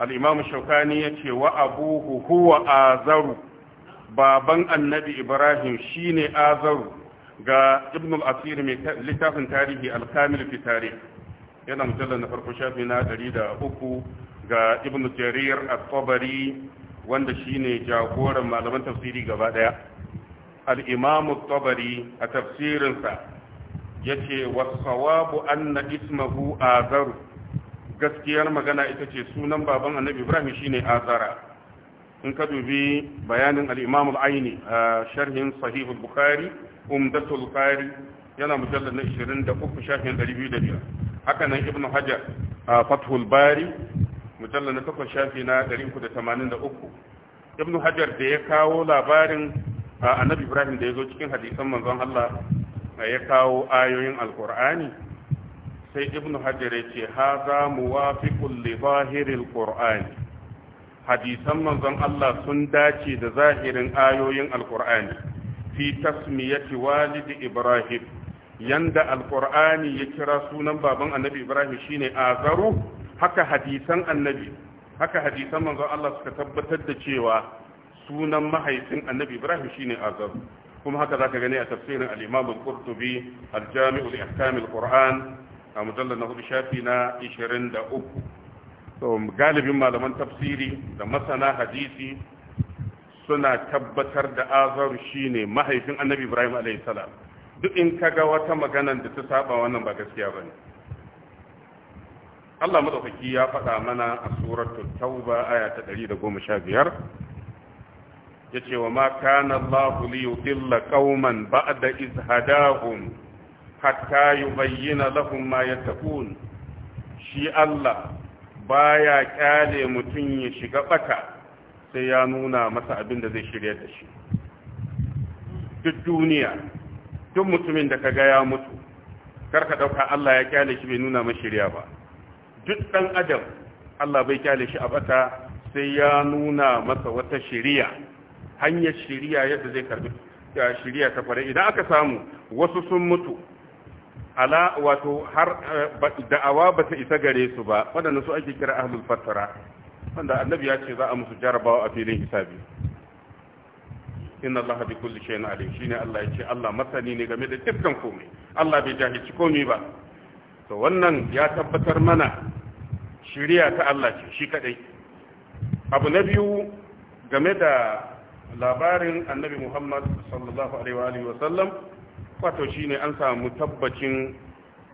al-imam shaukani yace wa abuhu huwa azaru baban annabi ibrahim shine azaru ga ibn al-asir mai littafin tarihi al-kamil fi tarihi yana mujallar na farko shafi na ɗari da uku ga ibn jarir at-tabari wanda shine jagoran malaman tafsiri gaba daya al-imam at-tabari a tafsirinsa yace was-sawabu anna ismuhu azar gaskiyar magana ita ce sunan baban annabi ibrahim shine azara in ka dubi bayanin al'imamul aini a sharhin sahihul bukhari umdatul qari yana mujallar na 23 shafin 205 haka nan ibn hajar a fathul bari mujalla na takwas shafi na 383 ibn hajar da ya kawo labarin annabi ibrahim da ya zo cikin hadisan manzon allah ya kawo ayoyin alkur'ani sai ibn hajar ya ce ha za mu wafi kulle zahirin qur'ani hadisan manzon Allah sun dace da zahirin ayoyin alkur'ani fi tasmiyati walidi ibrahim yanda alkur'ani ya kira sunan baban annabi ibrahim shine azaru haka hadisan annabi haka hadisan manzon Allah suka tabbatar da cewa sunan mahaifin annabi ibrahim shine azaru kuma haka zaka gani a tafsirin al-imam al-qurtubi al-jami'u li ahkam al-qur'an a mujallal na hudu shafi na 23 so galibin malaman tafsiri da masana hadisi suna tabbatar da azaru shine mahaifin annabi ibrahim alayhi salam duk in kaga wata magana da ta saba wannan ba gaskiya bane Allah madaukaki ya faɗa mana a suratul tauba aya ta 115 yace wa ma kana Allahu li yudilla qauman ba'da iz hadahum hatta yubayyana lahum ma yattaqun shi Allah baya kyale mutum ya shiga baka sai ya nuna masa abin da zai shirya da shi duk duniya duk mutumin da kaga ya mutu karka ɗauka Allah ya kyale shi bai nuna masa ba duk ɗan adam Allah bai kyale shi a bata sai ya nuna masa wata shari'a hanyar shari'a yadda zai karbi shari'a ta fara idan aka samu wasu sun mutu ala wato har eh, da'awa ba ta isa gare su ba waɗanda su ake kira ahlul fatara wanda annabi ya ce za a musu jarabawa a filin hisabi inna allaha bi kulli shay'in alim shine Allah yace Allah masani ne game da dukkan komai Allah bai jahilci komai ba to wannan ya tabbatar mana shiriya ta Allah ce shi kadai abu na biyu game da labarin annabi Muhammad sallallahu alaihi wa sallam wato shine an samu tabbacin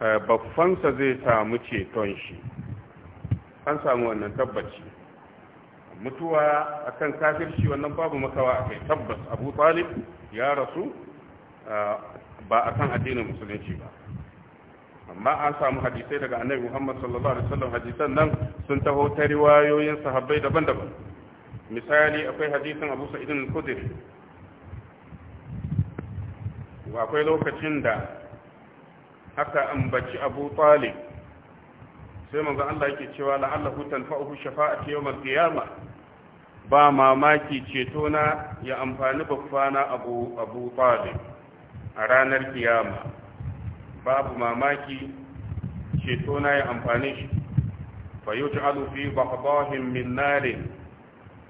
eh, baffansa zai samu ceton shi an samu wannan tabbaci mutuwa akan kafirci wannan babu makawa kai tabbas abu talib ya rasu ba akan addinin musulunci ba amma an samu hadisai daga annabi muhammad sallallahu alaihi wasallam hadisan nan sun taho ta riwayoyin sahabbai daban-daban misali akwai hadisin abu sa'id al wa akwai lokacin da aka ambaci abu talib sai manzo Allah yake cewa la'allahu tanfa'uhu shafa'atu yawm al-qiyamah ba mamaki cetona ya amfani babbana abu abu fadi a ranar kiyama babu mamaki cetona ya amfani shi fayuj'alu fi bahdahin min narin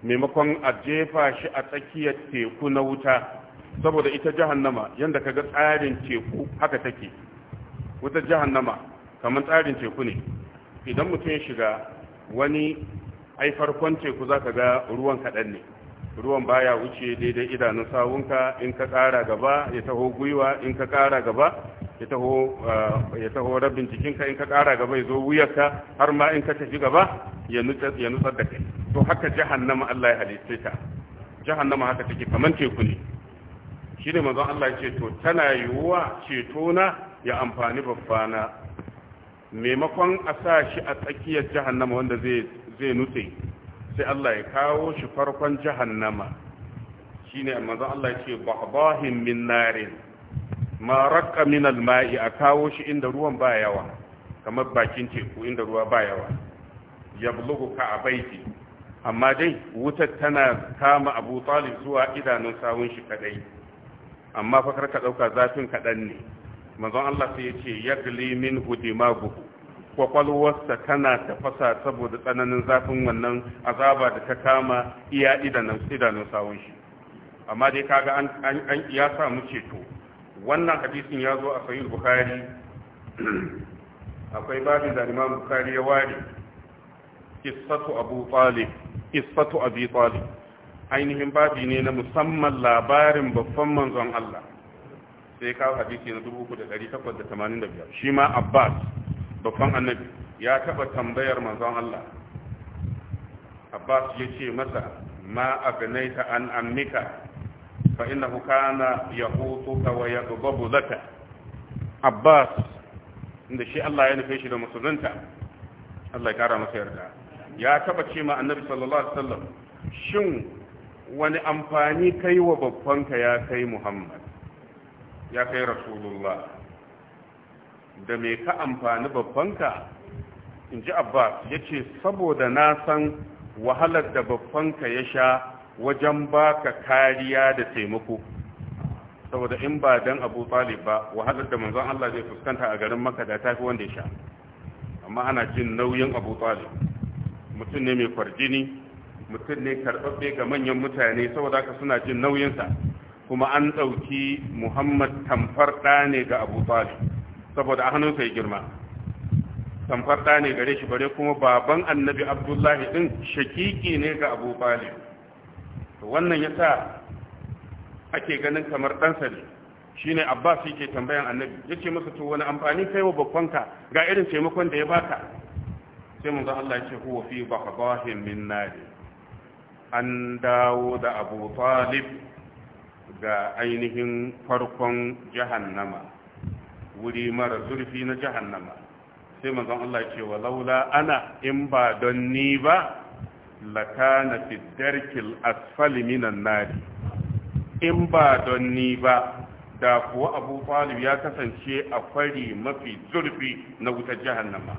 maimakon a jefa shi a tsakiyar teku na wuta saboda ita jahannama yanda kaga tsarin teku haka take wuta jahannama kamar tsarin teku ne idan mutum ya shiga wani ai farkon teku za ka ga ruwan kaɗan ne ruwan baya wuce daidai idanun sawunka in ka ƙara gaba ya taho gwiwa in ka ƙara gaba ya taho eh, rabin jikinka in ka ƙara gaba ya zo wuyarka har ma in ka tafi gaba ya nutsar da kai to haka jahannama Allah ya halitta ta jahannama haka take kaman teku ne shi ne manzon Allah ya ce to tana yiwuwa ceto na ya amfani babbana maimakon a sa shi a tsakiyar jahannama wanda zai zai nutse sai Allah ya kawo shi farkon jahannama shine manzon Allah ya ce bahbahin min narin ma raqqa min alma'i a kawo shi inda ruwan ba yawa kamar bakin teku inda ruwa ba yawa yablugu ka abaiti amma dai wutar tana kama Abu Talib zuwa idanun sawun shi kadai amma fa karka dauka zafin kadan ne manzon Allah sai ya ce yagli min hudimaguhu kwakwalwarsa tana tafasa saboda tsananin zafin wannan azaba da ta kama iya idanun sawun shi amma dai kaga an ya samu ceto wannan hadisin ya zo a sahih bukari akwai babin da imam bukari ya ware qissatu abu talib qissatu abi talib ainihin babi ne na musamman labarin babban manzon Allah sai kawo hadisi na 3885 shi ma abbas babban annabi ya taɓa tambayar manzon Allah Abbas ya ce masa ma agnaita an ammika fa innahu kana yahutuka wa yaghdabu laka Abbas inda shi Allah ya nufe shi da musulunta Allah ya kara masa yarda ya taɓa ce ma annabi sallallahu alaihi wasallam shin wani amfani kai wa ka ya kai Muhammad ya kai Rasulullah da me ka amfani babbanka in ji abbas ya ce saboda na san wahalar da babbanka ya sha wajen baka kariya da taimako saboda in ba dan abu talib ba wahalar da manzon Allah zai fuskanta a garin maka da tafi wanda ya sha amma ana jin nauyin abu talib mutum ne mai farjini mutum ne karɓaɓɓe ga manyan mutane saboda haka suna jin nauyinsa kuma an ɗauki muhammad tamfar ɗa ne ga abu talib saboda a hannun sai girma tamfar ɗa ne gare shi bare kuma baban annabi abdullahi ɗin shakiki ne ga abu talib wannan ya sa ake ganin kamar ɗansa ne shi ne abbas yake tambayan annabi ya ce masa to wani amfani kai wa babbanka ga irin taimakon da ya baka sai mun zan Allah ce huwa fi bahbahin min nari an dawo da abu talib ga ainihin farkon jihar nama. wuri mara zurfi na jahannama sai manzon Allah ya ce wa laula ana in ba don ni ba lakana fi darkil asfali minan nari in ba don ni ba da kuwa abu talib ya kasance a fari mafi zurfi na wutar jahannama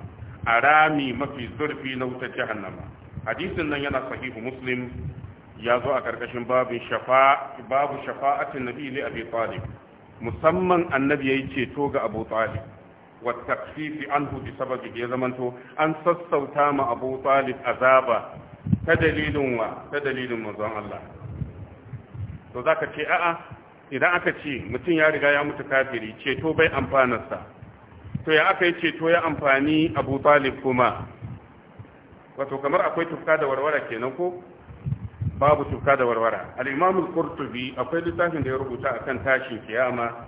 a rami mafi zurfi na wutar jahannama hadisin nan yana sahihu muslim ya zo a karkashin babu shafa'atin nabi a bai talib musamman annabi yayi ceto ga Abu Talib wa takfifi anhu bi sababi ya zamanto an sassauta ma Abu Talib azaba ta dalilin wa ta dalilin manzon Allah to zaka ce a'a idan aka ce mutum ya riga ya mutu kafiri ceto bai amfanarsa to ya aka yi ceto ya amfani Abu Talib kuma wato kamar akwai tufka da warwara kenan ko babu tuka da warwara al-imam al akwai littafin da ya rubuta akan tashin kiyama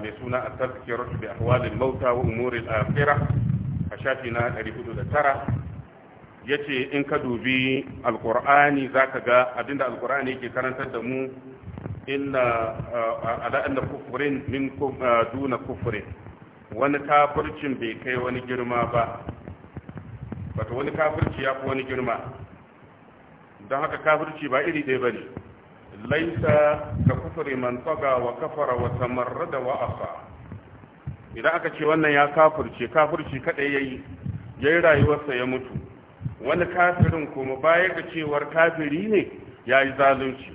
mai suna at-tazkiratu bi ahwalil mauta wa al akhirah a shafi na 409 yace in ka dubi al-qur'ani zaka ga abinda al-qur'ani yake karantar da mu inna ala anna kufrin minkum duna kufrin wani kafircin bai kai wani girma ba wato wani kafirci ya fi wani girma don haka kafirci ba iri ɗaya bane laisa ka kufure man taga wa kafara wa tamarrada wa asa idan aka ce wannan ya kafirce kafirci kadai ya yi rayuwarsa ya mutu wani kafirin kuma baya ga cewar kafiri ne ya yi zalunci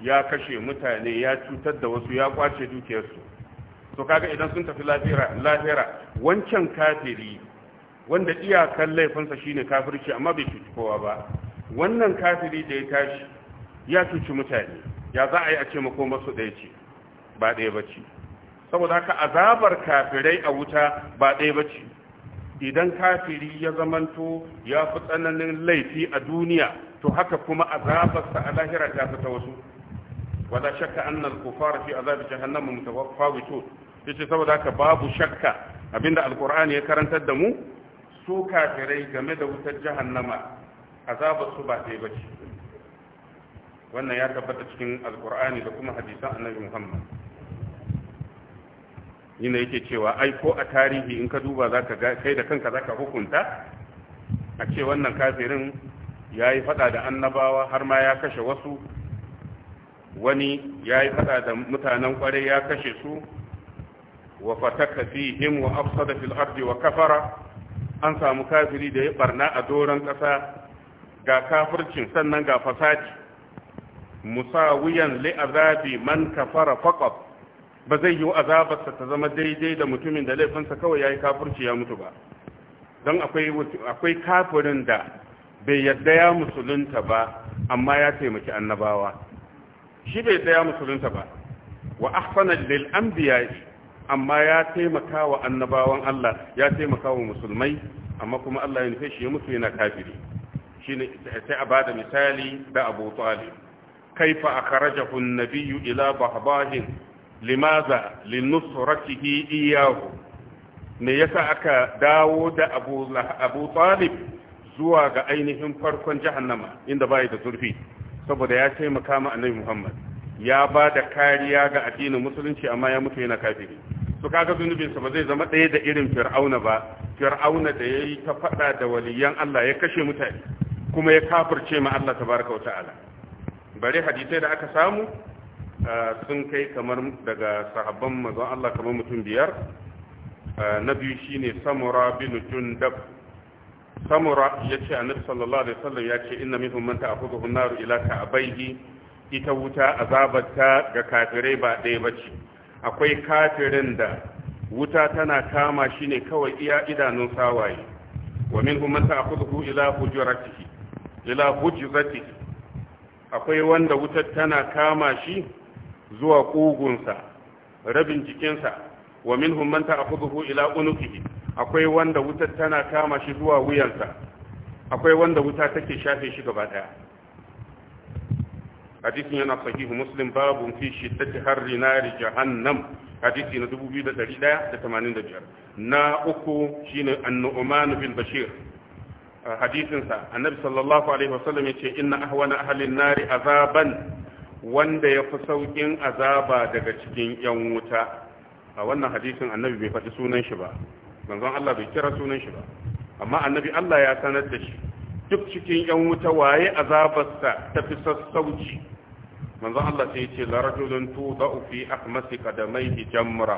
ya kashe mutane ya cutar da wasu ya kwace dukiyarsu to kaga idan sun tafi lahira wancan kafiri wanda iyakan laifinsa shine kafirci amma bai cuci kowa ba wannan kafiri da ya tashi ya cuci mutane ya za a yi a ce makomarsu ɗaya ce ba ɗaya ba ce saboda haka azabar kafirai a wuta ba ɗaya ba ce idan kafiri ya zamanto ya fi tsananin laifi a duniya to haka kuma azabarsa a lahira ta fi ta wasu wala shakka nan kufar fi azabi fawito ya ce saboda haka babu shakka abinda alkur'ani ya karantar da mu su kafirai game da wutar jahannama azabar su ba ɗaya ba ce wannan ya tabbata cikin alkur'ani da kuma hadisan annabi muhammad yana yake cewa ai ko a tarihi in ka duba za ka kai da kanka za ka hukunta a ce wannan kafirin ya yi fada da annabawa har ma ya kashe wasu wani ya yi fada da mutanen kwarai ya kashe su wa fataka fihim wa afsada fil ardi wa kafara an samu kafiri da ya barna a doron kasa ga kafircin sannan ga fasadi musawiyan li azabi man kafara faqat ba zai yi azabarsa ta zama daidai da mutumin da laifinsa kawai yayi kafirci ya mutu ba don akwai akwai kafirin da bai yadda ya musulunta ba amma ya taimaki annabawa shi bai yadda ya musulunta ba wa ahsana lil anbiya amma ya taimaka wa annabawan Allah ya taimaka wa musulmai amma kuma Allah ya nufe shi ya mutu yana kafiri shine sai a bada misali da Abu Talib kaifa akhrajahu an-nabiyyu ila bahbahin limaza linusratihi iyyahu me yasa aka dawo da Abu Abu Talib zuwa ga ainihin farkon jahannama inda bai da zurfi saboda ya taimaka ma Annabi Muhammad ya ba da kariya ga addinin musulunci amma ya mutu yana kafiri su kaga zunubinsa ba zai zama ɗaya da irin fir'auna ba fir'auna da ya yi ta faɗa da waliyan Allah ya kashe mutane kuma ya kafirce ma Allah tabaraka wa ta'ala bare hadisai da aka samu sun kai kamar daga sahabban manzon Allah kamar mutum biyar na biyu shi ne samura bin jundab samura ya ce a annabi sallallahu alaihi sallam wasallam yace inna minhum man ta'khudhu an-nar ila ka'bayhi ita wuta azabarta ga kafirai ba ɗaya ba ce. akwai kafirin da wuta tana kama shi ne kawai iya idanun sawaye wa minhum man ta'khudhu ila hujuratihi ila hujjati akwai wanda wutar tana kama shi zuwa kugunsa rabin jikinsa wa minhum man ta'khudhu ila unukihi akwai wanda wutar tana kama shi zuwa wuyansa akwai wanda wuta take shafe shi gaba daya hadisin yana sahihu muslim babu fi shiddati harri nari jahannam hadisi na 2185 na uku shine an-nu'man bashir hadisinsa annabi sallallahu alaihi wasallam ya ce inna ahwana ahlin nari azaban wanda ya fi saukin azaba daga cikin yan wuta a wannan hadisin annabi bai faɗi sunan shi ba manzon Allah bai kira sunan shi ba amma annabi Allah ya sanar da shi duk cikin yan wuta waye azabarsa ta fi sassauci manzon Allah sai ya ce la rajulun tudau fi ahmasi qadamaihi jamra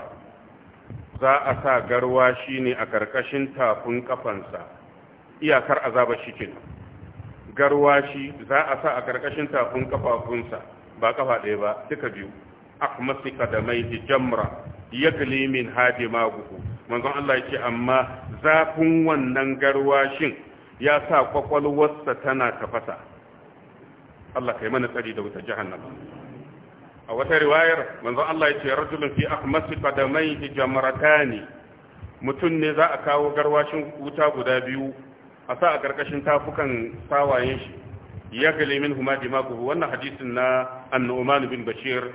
za a sa garwa shine a karkashin tafin kafansa iyakar azabar shi garwa garwashi za a sa a karkashin tafin kafafunsa ba kafa ɗaya ba duka biyu akmasi kadamai jamra yagli min hadi maguhu manzon Allah yake amma zafin wannan garwashin ya sa kwakwalwarsa tana tafasa Allah kai mana tsari da wuta jahannama a wata riwayar manzon Allah yake rajulun fi akmasi kadamai jamratani mutum ne za a kawo garwashin wuta guda biyu a sa a ƙarƙashin tafukan sawayen shi ya gale min huma dimaguhu wannan hadisin na annu'man bin bashir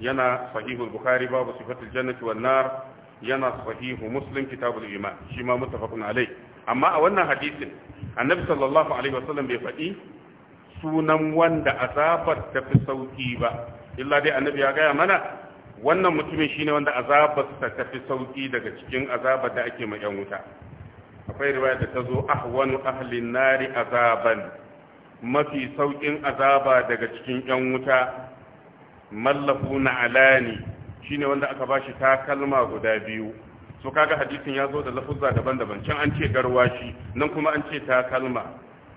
yana sahihul bukhari babu sifatul jannati wan nar yana sahihu muslim kitabul iman shi ma muttafaqun alai amma a wannan hadisin annabi sallallahu alaihi wasallam bai faɗi sunan wanda azabar ta fi sauki ba illa dai annabi ya gaya mana wannan mutumin shine wanda azabar ta fi sauki daga cikin azabar da ake ma yan wuta akwai riwaya da ta zo ahwanu ahlin nari azaban mafi saukin azaba daga cikin yan wuta mallafu na alani shine wanda aka bashi takalma guda biyu so kaga hadisin ya zo da lafuzza daban-daban can an ce garwashi nan kuma an ce takalma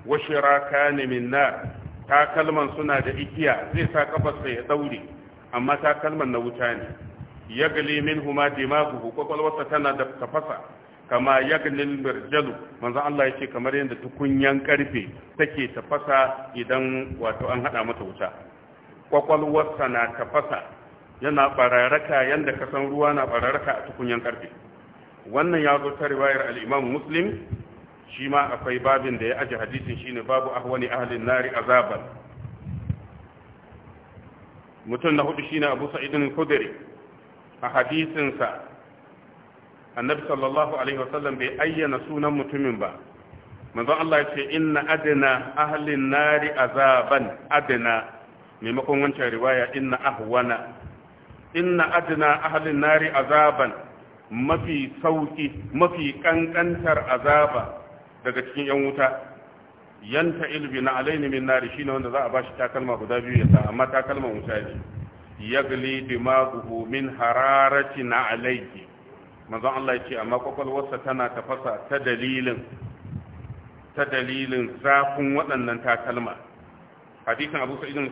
washiraka ne min nar takalman suna da igiya zai sa kafarsa ya daure amma takalman na wuta ne ya min huma dimaguhu kwakwalwarsa tana da tafasa kama yagnil birjalu manzo Allah yace kamar yadda tukunyan karfe take tafasa idan wato an hada mata wuta kwakwalwarsa na tafasa yana bararaka yadda kasan ruwa na bararaka a tukunyan karfe wannan ya zo ta riwayar al-Imam Muslim shi ma akwai babin da ya aje hadisin shine babu ahwani ahlin nari azaban mutum na hudu shine Abu Sa'id al-Khudri a hadisinsa annabi sallallahu alaihi wasallam bai ayyana sunan mutumin ba manzon Allah ya ce inna adna ahlin nari azaban adna maimakon wancan riwaya inna ahwana inna adna ahlin nari azaban mafi sauki mafi kankantar azaba daga cikin yan wuta yanta ilbi na alaini min nari shine wanda za a bashi takalma guda biyu ya sa amma takalman wuta ne yagli dimaguhu min hararati na alaiki. manzon Allah ya ce amma kwakwalwarsa tana tafasa ta dalilin ta dalilin zafin waɗannan takalma hadisin abu sa'id al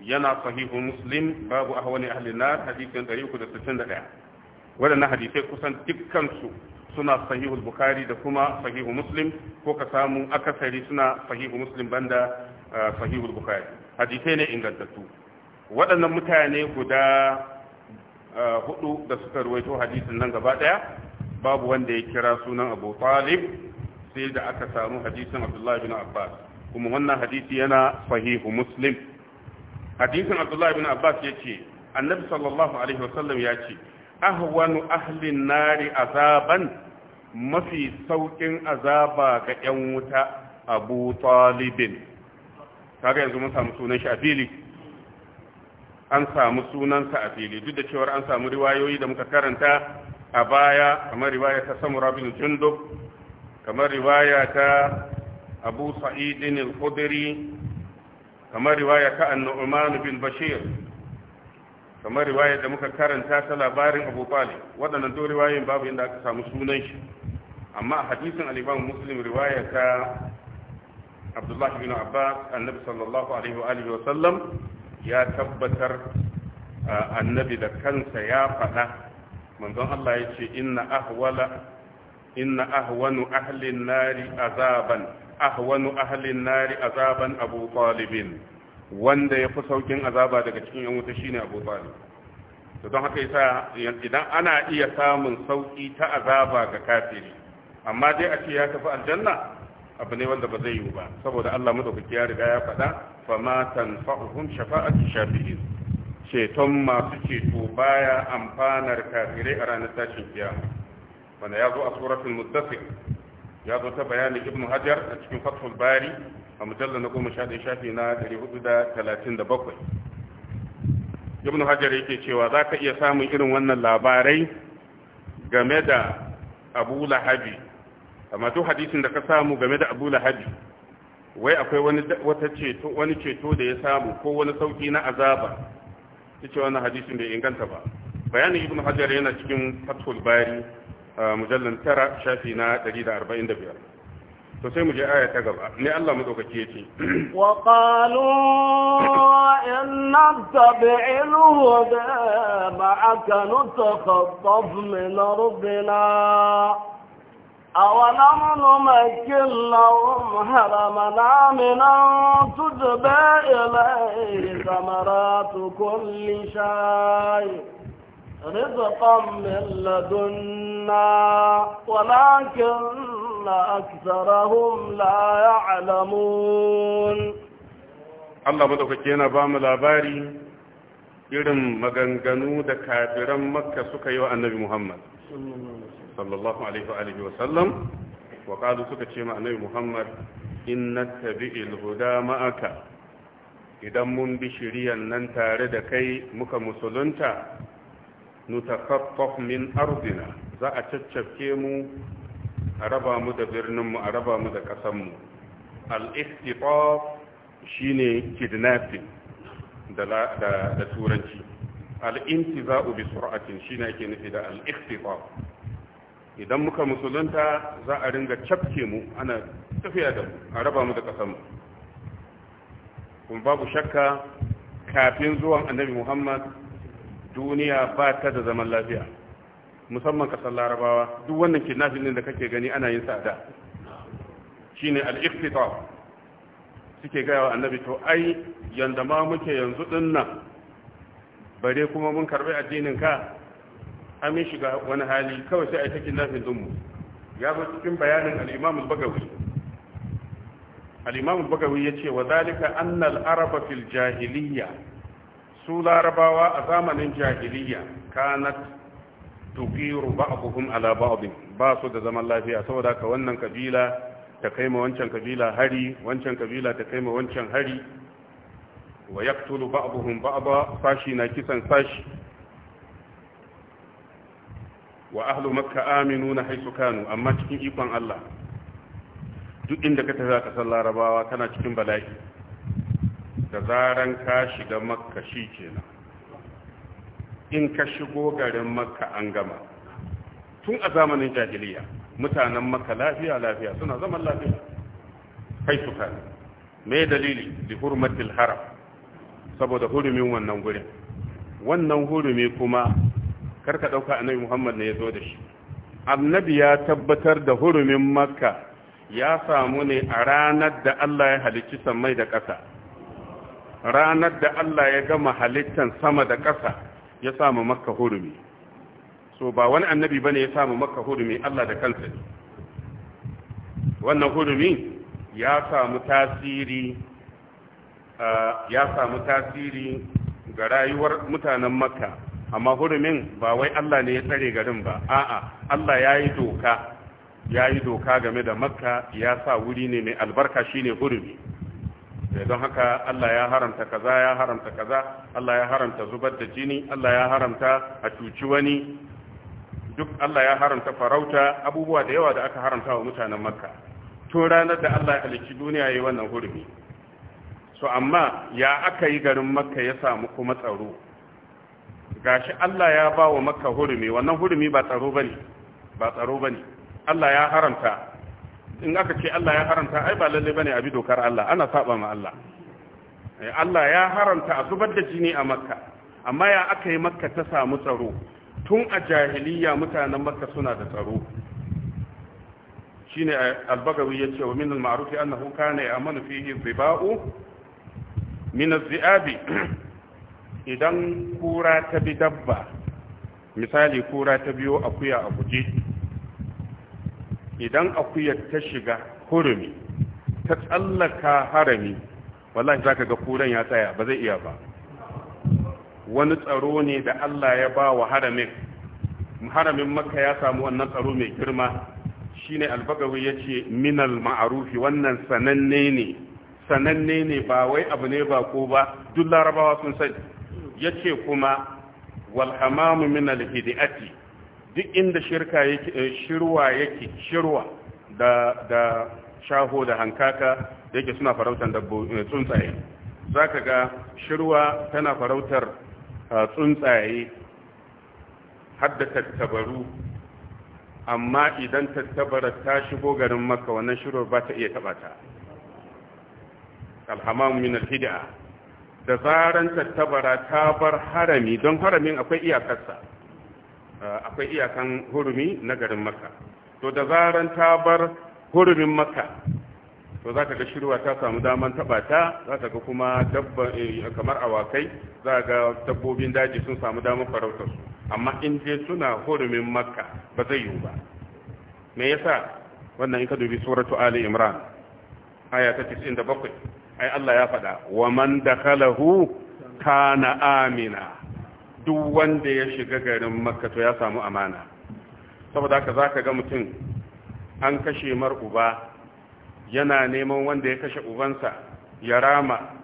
yana sahihu muslim babu ahwani ahli nar hadisin 361 waɗannan hadisai kusan dukkan su suna sahihul bukhari da kuma sahihu muslim ko ka samu akasari suna sahihu muslim banda ah, sahihul bukhari hadisai ne ingantattu waɗannan mutane guda hudu da suka ruwaito hadisin nan gaba daya babu wanda ya kira sunan Abu Talib sai da aka samu hadisin Abdullahi bin Abbas kuma wannan hadisi yana sahihu Muslim hadisin Abdullahi bin Abbas ya ce Annabi sallallahu alaihi wasallam yace ahwanu ahli nari azaban mafi saukin azaba ga yan wuta Abu Talibin kaga yanzu mun samu sunan shi a fili an samu sunansa a fili duk da cewar an samu riwayoyi da muka karanta a baya kamar riwaya ta samura bin jundub kamar riwaya ta abu sa'idin al-khudri kamar riwaya ta annu'man bin bashir kamar riwaya da muka karanta ta labarin abu bali waɗannan duk riwayoyin babu inda aka samu sunan shi amma a hadisin al-imam muslim riwaya ta abdullah bin abbas annabi sallallahu alaihi wa alihi wa sallam ya tabbatar annabi da kansa ya faɗa manzon Allah ya ce inna ahwala inna ahwanu ahlin nari azaban ahwanu ahlin nari azaban abu talibin wanda ya fi saukin azaba daga cikin yan wuta shine abu talib to don haka yasa idan ana iya samun sauki ta azaba ga kafiri amma dai a ce ya tafi aljanna abu ne wanda ba zai yiwu ba saboda Allah madaukaki ya riga ya faɗa fama tanfa'uhum shafa'atu shafi'in ceton masu ceto baya amfanar kafirai a ranar tashin kiyama wanda ya zo a suratul muddathir ya zo ta bayanin ibn hajar a cikin fathul bari a mujallar na goma sha shafi na 437 ibn hajar yake cewa za ka iya samun irin wannan labarai game da abu lahabi amma duk hadisin da ka samu game da abu lahabi wai akwai wani ceto da ya samu ko wani sauki na azaba yace wannan da bai inganta ba bayanin ibnu hajar yana cikin fathul bari mujallar tara shafi na 145 to sai mu je aya ta gaba ne Allah madaukake ce. wa qalu in nattabi'il huda ma'aka nutakhattaf na ardina أولم نمكن لهم هرمنا من أن تجبى إليه ثمرات كل شيء رزقا من لدنا ولكن أكثرهم لا يعلمون الله بدك جينا بام الأباري irin maganganu da kafiran النبي محمد صلى الله عليه وسلم sallallahu alaihi wa alihi wa sallam wa qalu suka ce ma annabi Muhammad inna tabi'il huda ma'aka idan mun bi shiriyan nan tare da kai muka musulunta nutakhaffaf min ardina za a caccafke mu a raba mu da birnin mu a raba mu da kasan mu al-ihtitaf shine kidnapping da da turanci al-intiza'u bi sur'atin shine ake nufi da al-ihtitaf idan muka musulunta za a ringa cafke mu ana tafiya da mu a raba mu da ƙasar mu kuma babu shakka kafin zuwan annabi muhammad duniya ba ta da zaman lafiya musamman ƙasar larabawa duk wannan kidnapping ne da kake gani ana yin sa'ada shine ne iqtita suke gaya wa annabi to ai yanda ma muke yanzu nan. bare kuma mun karɓi addinin ka an shiga wani hali kawai sai a yi ta kidnapping dinmu ya zo cikin bayanin al'imamu bagawi al'imamu bagawi ya ce wa zalika annal araba fil jahiliya su larabawa a zamanin jahiliya kanat tuqiru ba'dhum ala ba'd ba su da zaman lafiya saboda ka wannan kabila ta kai ma wancan kabila hari wancan kabila ta kai ma wancan hari wa yaqtulu ba'dhum ba'da fashi na kisan fashi. wa ahlu makka aminuna haisu kanu amma cikin ikon Allah duk inda ka tafi ka san larabawa kana cikin bala'i da zaran ka shiga makka shi kenan in ka shigo garin makka an gama tun a zamanin jahiliya mutanen makka lafiya lafiya suna zaman lafiya haisu kanu me dalili li hurmatil haram saboda hurumin wannan gurin wannan hurumi kuma karka ɗauka annabi muhammad ne ya zo da shi annabi ya tabbatar da hurumin makka ya samu ne a ranar da allah ya halicci sammai da ƙasa ranar da allah ya gama halittan sama da ƙasa ya samu makka hurumi so ba wani annabi bane ya samu makka hurumi allah da kansa ne wannan hurumi ya samu tasiri uh, ya samu tasiri ga rayuwar mutanen makka amma hurumin ba wai Allah ne ya tsare garin ba a'a Allah ya yi doka ya yi doka game da makka ya sa wuri ne mai albarka shine hurumi eh, don haka Allah ya haramta kaza ya haramta kaza Allah ya haramta zubar da jini Allah ya haramta a cuci wani duk Allah ya haramta farauta abubuwa da yawa da aka haramta wa mutanen makka To ranar da Allah ya halicci duniya yi wannan hurumi so amma ya aka yi garin makka ya samu kuma tsaro gashi Allah ya ba wa makka hurumi wannan hurumi ba tsaro bane ba tsaro bane Allah ya haramta in aka ce Allah ya haramta ai ba lalle bane a bi dokar Allah ana saba ma Allah eh, Allah ya haramta a zubar da jini a makka amma ya aka yi makka ta samu tsaro tun a jahiliya mutanen makka suna da tsaro shine eh, albagawi ce wa min al-ma'ruf annahu kana ya'manu fihi dhiba'u min az-zi'abi idan kura ta bi dabba misali kura ta biyo akuya a guje idan akuyar ta shiga hurumi ta tsallaka harami wallahi zaka ga kuran ya tsaya ba zai iya ba wani tsaro ne da Allah ya ba wa haramin haramin makka ya samu wannan tsaro mai girma shine albagawi yace minal ma'arufi wannan sananne ne sananne ne ba wai abu ne ba ko ba duk larabawa sun sani yace kuma wal min al duk inda shirka yake eh, shirwa yake shirwa da da shaho da hankaka da yake suna farautar eh, tsuntsaye zaka ga shirwa tana farautar eh, tsuntsaye hadda tattabaru amma idan tattabarar ta shigo garin maka wannan shirwar ba ta iya taɓa ta alhamamu min alhidiati. da zaran tattabara ta bar harami don haramin akwai iyakarsa eh, akwai iyakan hurumi na garin maka to da zaran ta bar hurumin maka to za ka ga shirwa ta samu daman taba ta za ka ga kuma dabba eh, kamar awakai za ga dabbobin daji sun samu daman farautar su amma in je suna hurumin maka, ba zai yiwu ba me yasa wannan in ka dubi suratu ali imran aya ta 97 ai Allah ya faɗa wa man dakhalahu kana amina duk wanda ya shiga garin makka to ya samu amana saboda haka zaka ga mutum an kashe mar uba yana neman wanda ya kashe ubansa ya rama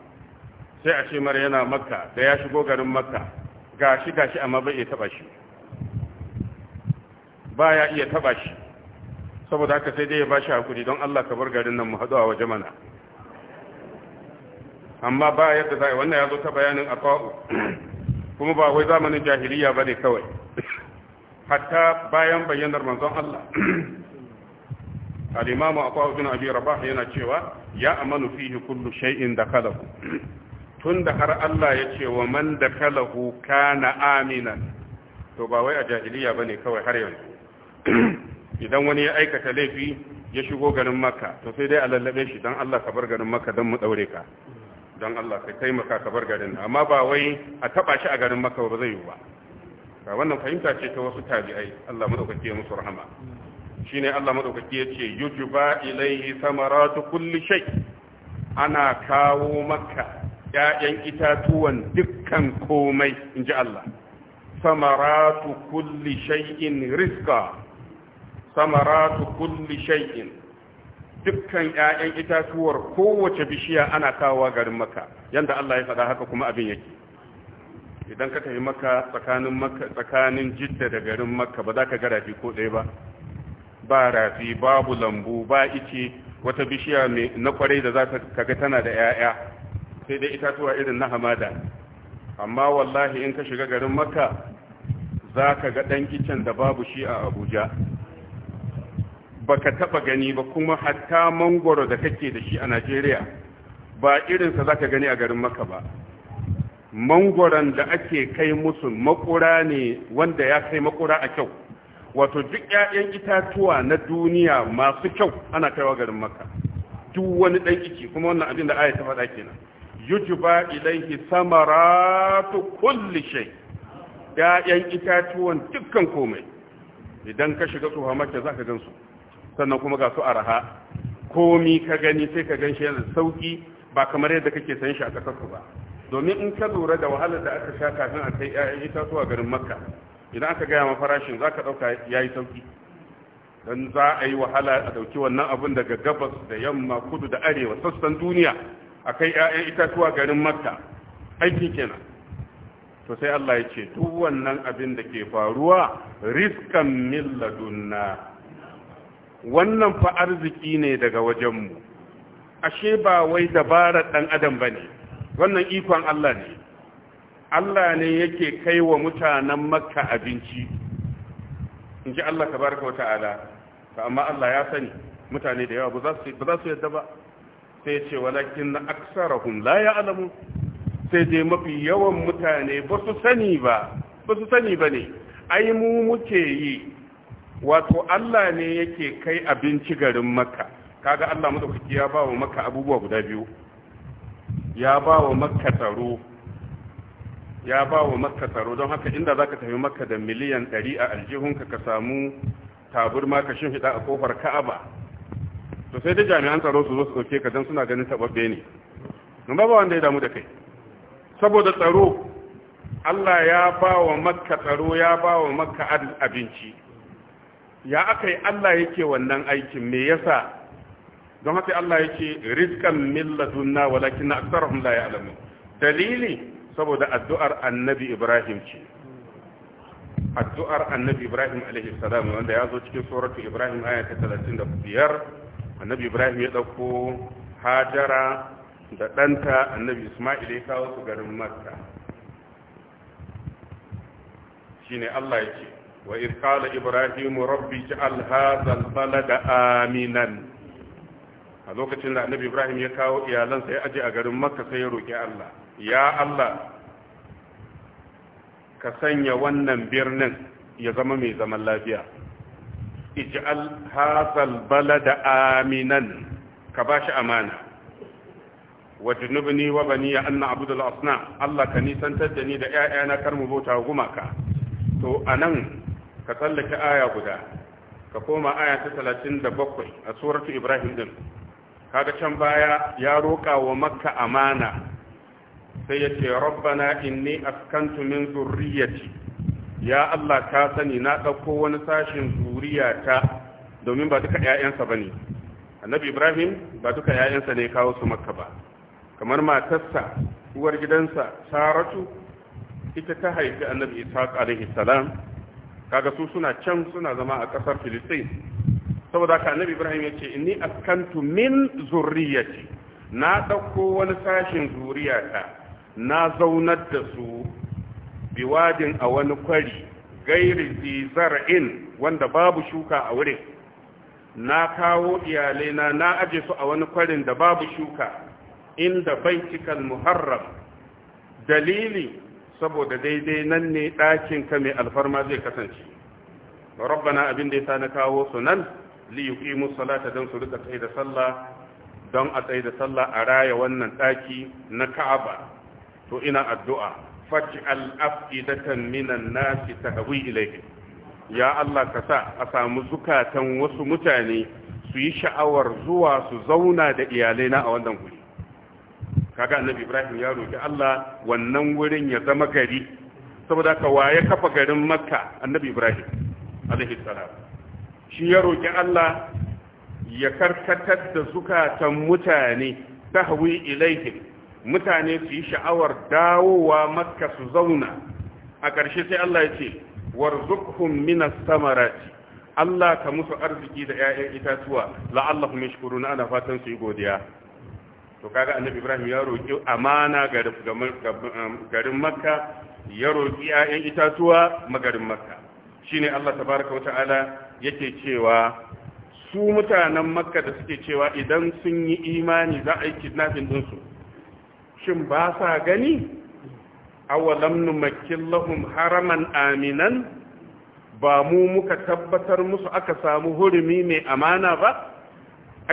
sai a ce mar yana makka da ya shigo garin makka gashi gashi amma bai iya taba shi baya iya taba shi saboda haka sai dai ya bashi hakuri don Allah ka bar garin nan mu haɗu a waje mana amma ba yadda za wannan ya zo ta bayanin a kuma ba wai zamanin jahiliya ba ne kawai hatta bayan bayyanar manzon Allah al-imamu aqwa ibn abi rabah yana cewa ya amanu fihi kullu shay'in tun da har Allah ya ce wa man dakalahu kana aminan to ba wai a jahiliya bane kawai har yanzu idan wani ya aikata laifi ya shigo garin makka to sai dai a lallabe shi dan Allah ka bar garin makka dan mu daure ka don Allah ka taimaka ka bar garin amma ba wai a taba shi a garin maka ba zai yi ba ga wannan fahimta ce ta wasu tabi'ai Allah madaukaki ya musu rahama shine Allah madaukaki ya ce yujba ilayhi samaratu kulli shay ana kawo maka ƴaƴan itatuwan dukkan komai inji Allah samaratu kulli shay'in rizqa samaratu kulli shay'in dukkan ƴaƴan itatuwar kowace bishiya ana kawowa garin maka, yanda Allah ya faɗa haka kuma abin yake idan ka tafi maka tsakanin maka tsakanin jidda da garin maka, ba za ka ga rafi ko ɗaya ba ba rafi babu lambu ba ice wata bishiya mai na kwarai da za ka ga tana da ƴaƴa sai dai itatuwa irin na hamada amma wallahi in ka shiga garin maka za ka ga ɗan kicin da babu shi a abuja baka taba gani ba kuma hatta mangoro da kake da shi a Najeriya ba irinsa zaka gani a garin Makka ba mangoron da ake kai musu makura ne wanda ya kai makura a kyau wato duk ƴaƴan itatuwa na duniya masu kyau ana kaiwa garin maka duk wani dan iki kuma wannan abin da aya ta faɗa kenan yujba ilaihi samaratu kulli shay ƴaƴan itatuwan dukkan komai idan ka shiga tsohon makka zaka gansu sannan kuma ga su a raha komi ka gani sai ka gan shi yana sauki ba kamar yadda kake san shi a kasar ba domin in ka lura da wahalar da aka sha kafin a kai yi itatuwa garin makka idan aka gaya ma farashin za ka ɗauka ya yi sauki don za a yi wahala a ɗauki wannan abun daga gabas da yamma kudu da arewa sassan duniya a kai 'ya'yan itatuwa garin makka aiki kenan to sai Allah ya ce duk wannan abin da ke faruwa riskan milladunna wannan fa arziki ne daga wajenmu ashe ba wai dabarar ɗan adam ba ne wannan ikon Allah ne Allah ne yake kai wa mutanen makka abinci in ji Allah tabaraka wa ta'ala ta amma Allah ya sani mutane da yawa ba za su yadda ba sai ce walakin na aksarahum la ya'lamu sai dai mafi yawan mutane ba su sani ba ba su sani ba ne ai mu muke yi wato Allah ne yake kai abinci garin makka kaga Allah madaukaki ya ba wa makka abubuwa guda biyu ya ba wa makka tsaro ya ba wa makka tsaro don haka inda zaka tafi makka da miliyan 100 a aljihunka ka samu ma ka shimfiɗa a kofar ka'aba to sai da jami'an tsaro su zo su dauke ka don suna ganin taɓaɓɓe ne mun ba wanda ya damu da kai saboda tsaro Allah ya ba wa makka tsaro ya ba wa makka abinci ya aka yi Allah yake wannan aikin me yasa don haka Allah yake rizqan min ladunna walakin aktharuhum la ya'lamun dalili saboda addu'ar annabi Ibrahim ce addu'ar annabi Ibrahim alaihi salam wanda ya zo cikin suratu Ibrahim aya ta 35 annabi Ibrahim ya dauko Hajara da ɗanta annabi Ismail ya kawo su garin Makka shine Allah yake wa Iskala ibrahimu rabbi ja'al hazal balada aminan a lokacin da annabi ibrahim ya kawo iyalansa ya aje a garin makka sai ya roƙi allah ya allah ka sanya wannan birnin ya zama mai zaman lafiya ij'al hazal da aminan ka bashi amana wajnubni wa bani ya anna abudul Allah ka nisantar da ni da ƴaƴana kar mu bauta gumaka to anan ka tsallake aya guda ka koma aya ta 37 a suratu ibrahim din kaga can baya ya roƙa wa makka amana sai ya ce rabbana inni askantu min zurriyati ya Allah ka sani na ɗauko wani sashin zuriyata domin ba duka ƴaƴansa bane annabi ibrahim ba duka ƴaƴansa ne kawo su makka ba kamar matarsa uwar gidansa saratu ita ta haifi annabi isaq alaihi salam kaga su suna can suna zama a ƙasar filistin saboda haka annabi ibrahim ya ce inni askantu min zurriyati na ɗauko wani sashin zuriyata na zaunar da su biwadin a wani kwari gairi zar'in wanda babu shuka a wurin na kawo iyalaina na aje su a wani kwarin da babu shuka inda baitikal muharram dalili saboda daidai nan ne ɗakin ka mai alfarma zai kasance rabbana abin da yasa na kawo su nan li musu salata dan su rika tsaye da sallah don a tsaye da sallah a raya wannan ɗaki na Ka'aba to ina addu'a faj'al afidatan minan nasi tahwi ilayhi ya Allah ka sa a samu zukatan wasu mutane su yi sha'awar zuwa su zauna da iyalai na a wannan guri kaga annabi ibrahim ya roƙi Allah wannan wurin ya zama gari saboda ka waye kafa garin makka annabi ibrahim alaihi salam shi ya roki Allah ya karkatar da zukatan mutane tahwi ilaihim mutane su yi sha'awar dawowa makka su zauna a ƙarshe sai Allah ya ce warzuqhum minas samarati Allah ka musu arziki da 'ya'yan itatuwa la'allahum yashkuruna ana fatan su yi godiya to kaga annabi ibrahim ya roƙi amana um, garin makka ya roƙi 'ya'yan itatuwa magarin makka shine allah tabaraka wata'ala yake cewa su mutanen makka da suke cewa idan sun yi imani za a yi kidnapping ɗinsu shin ba sa gani awalam numakkin lahum haraman aminan ba mu muka tabbatar musu aka samu hurumi mai amana ba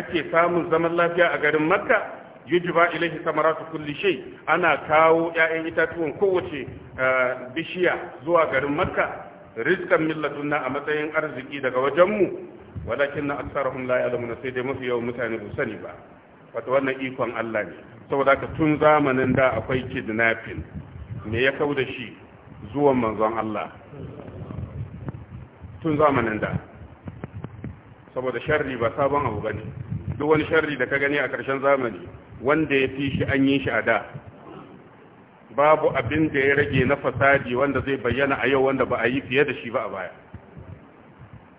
ake samun zaman lafiya a garin makka yujba ilaihi samaratu kulli shay ana kawo ƴaƴan itatuwan kowace eh, bishiya zuwa garin makka rizqan min ladunna a matsayin arziki daga wajen mu walakin na aksarahum la ya'lamuna sai dai mafi yawan mutane ba sani ba wato wannan ikon Allah ne saboda ka tun zamanin da akwai kidnapping me ya kawo da shi zuwan manzon Allah tun zamanin da saboda sharri ba sabon abu bane duk wani sharri da ka gani a ƙarshen zamani wanda ya fi shi an yi shi a da babu abin da ya rage na fasadi wanda zai bayyana a yau wanda ba a yi fiye da shi ba a baya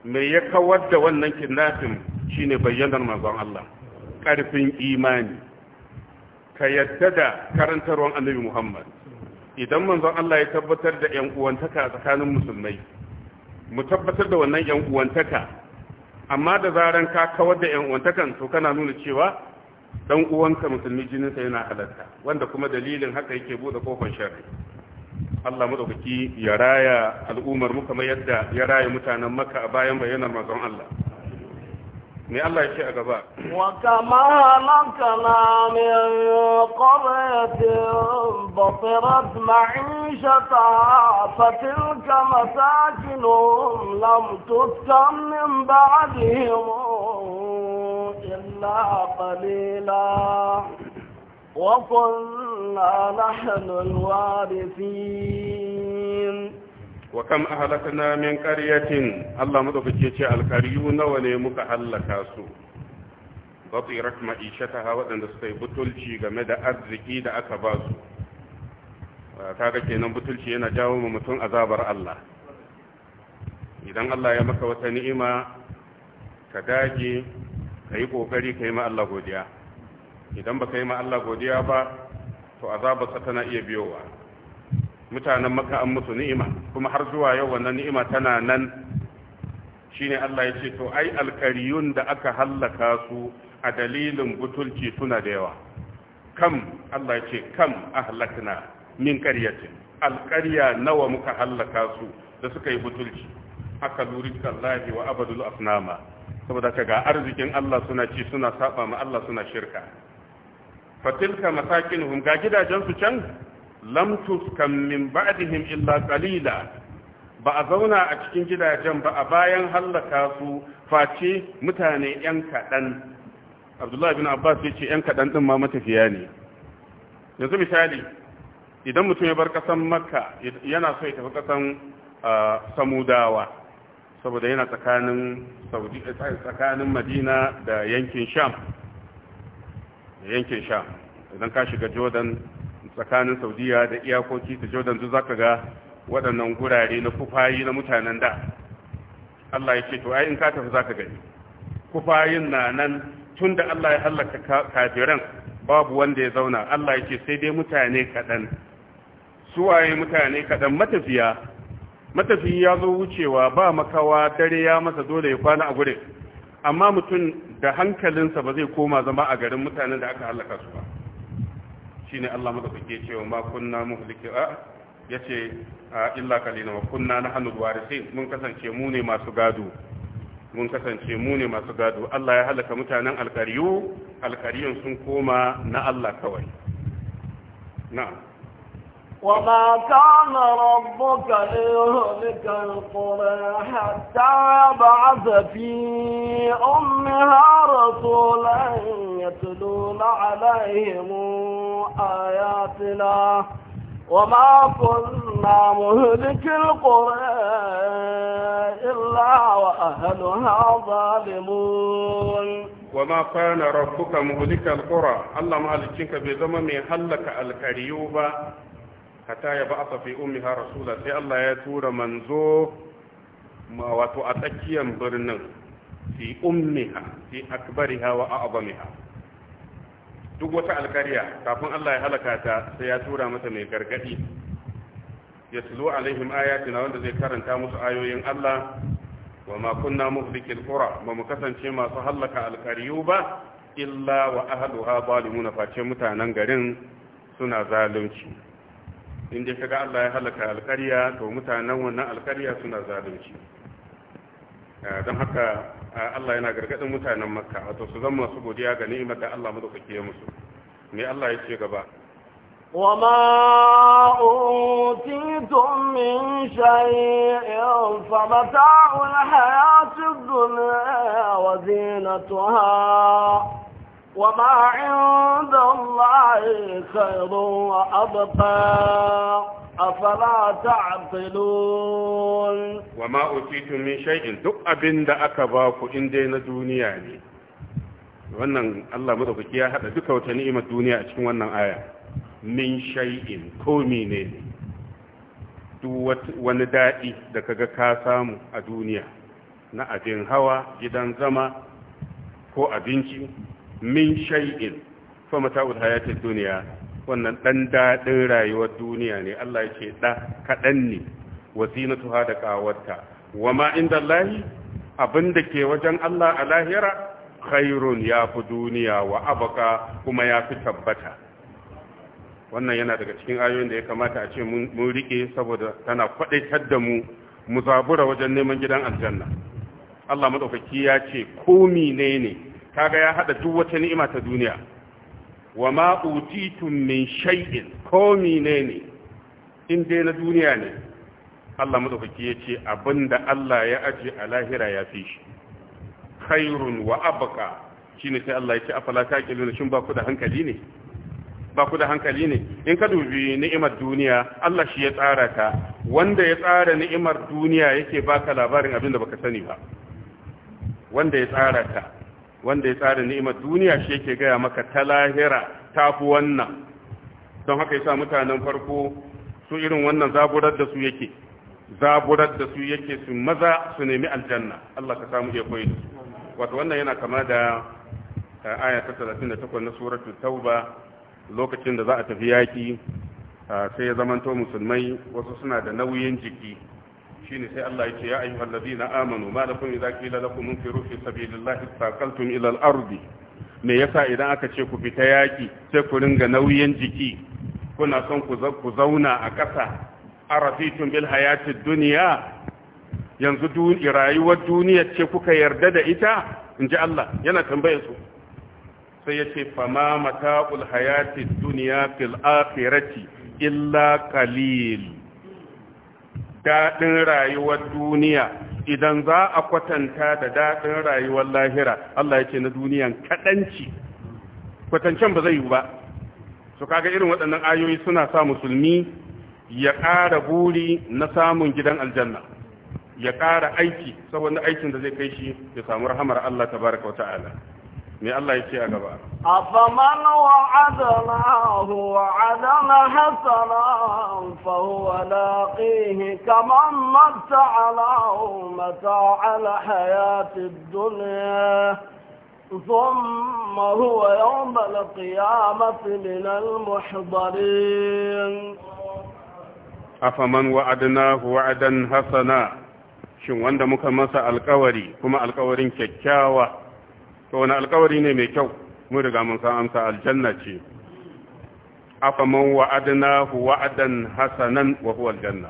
mai ya kawar da wannan kidnapping ne bayyanar manzon Allah ƙarfin imani ka yadda da karantarwar annabi Muhammad idan manzon Allah ya tabbatar da yan uwantaka tsakanin musulmai mu tabbatar da wannan yan uwantaka amma da zaran ka kawar da yan uwantakan to kana nuna cewa dan uwanka musulmi jinin sa yana halarta, wanda kuma dalilin haka yake bude kofar sharri Allah madaukaki ya raya al'ummar mu kamar yadda ya raya mutanen Makka a bayan bayanan manzon Allah من الله يشيء أقباء وكما لكنا من قرية بطرت معيشتها فتلك مساكنهم لم تسكن من بعدهم إلا قليلا وكنا نحن الوارثين wa kam ahlakna min qaryatin Allah madaukake ce alkariyu nawa ne muka halaka su batirat ma'ishataha wadanda suka yi butulci game da arziki da aka ba su kaga kenan butulci yana jawo mu mutum azabar Allah idan Allah ya maka wata ni'ima ka dage ka kokari kai ma Allah godiya idan baka yi ma Allah godiya ba to azabar sa tana iya biyowa mutanen maka an musu ni'ima kuma har zuwa yau wannan ni'ima tana nan shine Allah ya ce to ai alkariyun da aka hallaka su a dalilin butulci suna da yawa kam Allah ya ce kam ahlakna min qaryatin alqarya nawa muka hallaka su da suka yi butulci aka luri kallahi wa abadul Afnama. saboda kaga arzikin Allah suna ci suna saba ma Allah suna shirka fatilka masakinuhum ga gidajen su can lam tuskan min ba'dihim illa qalila ba a zauna a cikin gidajen ba a bayan hallaka su face mutane yan kaɗan abdullahi bin abbas ya ce yan kaɗan ɗin ma matafiya ne yanzu misali idan mutum ya bar ƙasan makka yana so ya tafi ƙasan samudawa saboda yana tsakanin tsakanin madina da yankin sham yankin sham idan ka shiga jordan tsakanin saudiya da iyakoki ta jordan duk zaka ga waɗannan gurare na kufayi na mutanen da Allah ya ce to ai in ka tafi zaka gani kufayin na nan tun da Allah ya hallaka kafiran babu wanda ya zauna Allah ya ce sai dai mutane kaɗan waye mutane kaɗan matafiya matafiyi ya zo wucewa ba makawa dare ya masa dole ya kwana a gurin amma mutum da hankalinsa ba zai koma zama a garin mutanen da aka hallaka su ba shine Allah madaukake cewa ma kunna muhlika yace illa kalina wa kunna na hannu nahnu sai mun kasance mu ne masu gado mun kasance mu ne masu gado Allah ya halaka mutanen alkariyu alkariyun sun koma na Allah kawai na'am وما كان ربك ليهلك القرى حتى يبعث في أمها رسولا يتلون عليهم آياتنا وما كنا مهلك القرى إلا وأهلها ظالمون وما كان ربك مهلك القرى الله مالكينك بذمم هلك الكريوبة hatta ya ba fi ummiha rasula sai Allah ya tura manzo wato a tsakiyar birnin fi ummiha fi akbariha wa a'zamiha duk wata alkariya kafin Allah ya halaka ta sai ya tura mata mai gargadi ya tulu alaihim ayatina wanda zai karanta musu ayoyin Allah wa ma kunna muhlikil qura ba mu kasance masu halaka alkariyu ba illa wa ahluha zalimuna mutanen garin suna zalunci in dai kaga Allah ya halaka alƙarya to mutanen wannan alƙarya suna zalunci eh, don haka eh, Allah yana gargadin mutanen Makka wato su zama masu godiya ga ni'imar da Allah madaukake ya musu me Allah ya ce gaba وما أوتيتم من شيء فمتاع الحياة الدنيا وزينتها وما عند الله خير وأبقى أفلا تعطلون وما أتيت من شيء duk abin da aka ba ku in dai duniya ne wannan Allah madaukaki ya hada duka wata ni'imar duniya a cikin wannan aya min shay'in ko ne duk wani daɗi da kaga ka samu a duniya na abin hawa gidan zama ko abinci min shay'in fa mata'ul hayatid dunya wannan dan dadin rayuwar duniya ne Allah yake da kadan ne wazinatuha da kawarta wama inda Allah abinda ke wajen Allah a lahira ya fi duniya wa abaka kuma ya fi tabbata wannan yana daga cikin ayoyin da ya kamata a ce mun rike saboda tana kwadaitar da mu mu zabura wajen neman gidan aljanna Allah madaukaki ya ce komi ne ne kaga ya hada duk wata ni'ima ta duniya wa ma utitum min shay'in ko menene in dai na duniya ne Allah madaukaki ce abinda Allah ya aje a lahira ya fi shi khairun wa abqa shine sai Allah yace afala taqiluna shin ba ku da hankali ne ba ku da hankali ne in ka dubi ni'imar duniya Allah shi ya tsara ta wanda ya tsara ni'imar duniya yake baka labarin abinda baka sani ba wanda ya tsara ta wanda ya tsara ni'imar duniya shi yake gaya maka ta lahira ta fi wannan don haka yasa mutanen farko su irin wannan zaburar da su yake zaburar da su yake su maza su nemi aljanna Allah ka samu iya koyi wato wannan yana kama da eh, aya ta 38 na suratul tauba lokacin da za a tafi yaki eh, sai ya zamanto musulmai wasu suna da nauyin jiki shine sai Allah ya ce ya ayyuhal ladina amanu ma lakum idza qila lakum munfiru fi sabilillahi taqaltum ila al-ardi me yasa idan aka ce ku fita yaki sai ku ringa nauyin jiki kuna son ku zauna a ƙasa arafitun bil hayatid dunya yanzu rayuwar duniya ce kuka yarda da ita inji Allah yana tambayar su sai ya ce fama mata'ul hayati dunya fil akhirati illa qalil daɗin rayuwar duniya idan za a kwatanta da daɗin rayuwar lahira Allah ya ce na duniyan kaɗanci kwatancen ba zai yi ba su kaga irin waɗannan ayoyi suna sa musulmi ya ƙara buri na samun gidan aljanna ya ƙara aiki saboda aikin da zai kai shi ya samu rahamar Allah tabaraka wa ta'ala me Allah ya ce a gaba afaman wa'adnahu wa'adna hasanan fa huwa laqihi kaman matta'alahu mata'al hayatid dunya ثم هو يوم القيامة من المحضرين أفمن وعدناه وعدا حسنا shin wanda muka masa alkawari kuma alkawarin kyakkyawa to wani alkawari ne mai kyau mun riga mun san amsa aljanna ce afa man wa'adnahu wa'adan hasanan wa huwa aljanna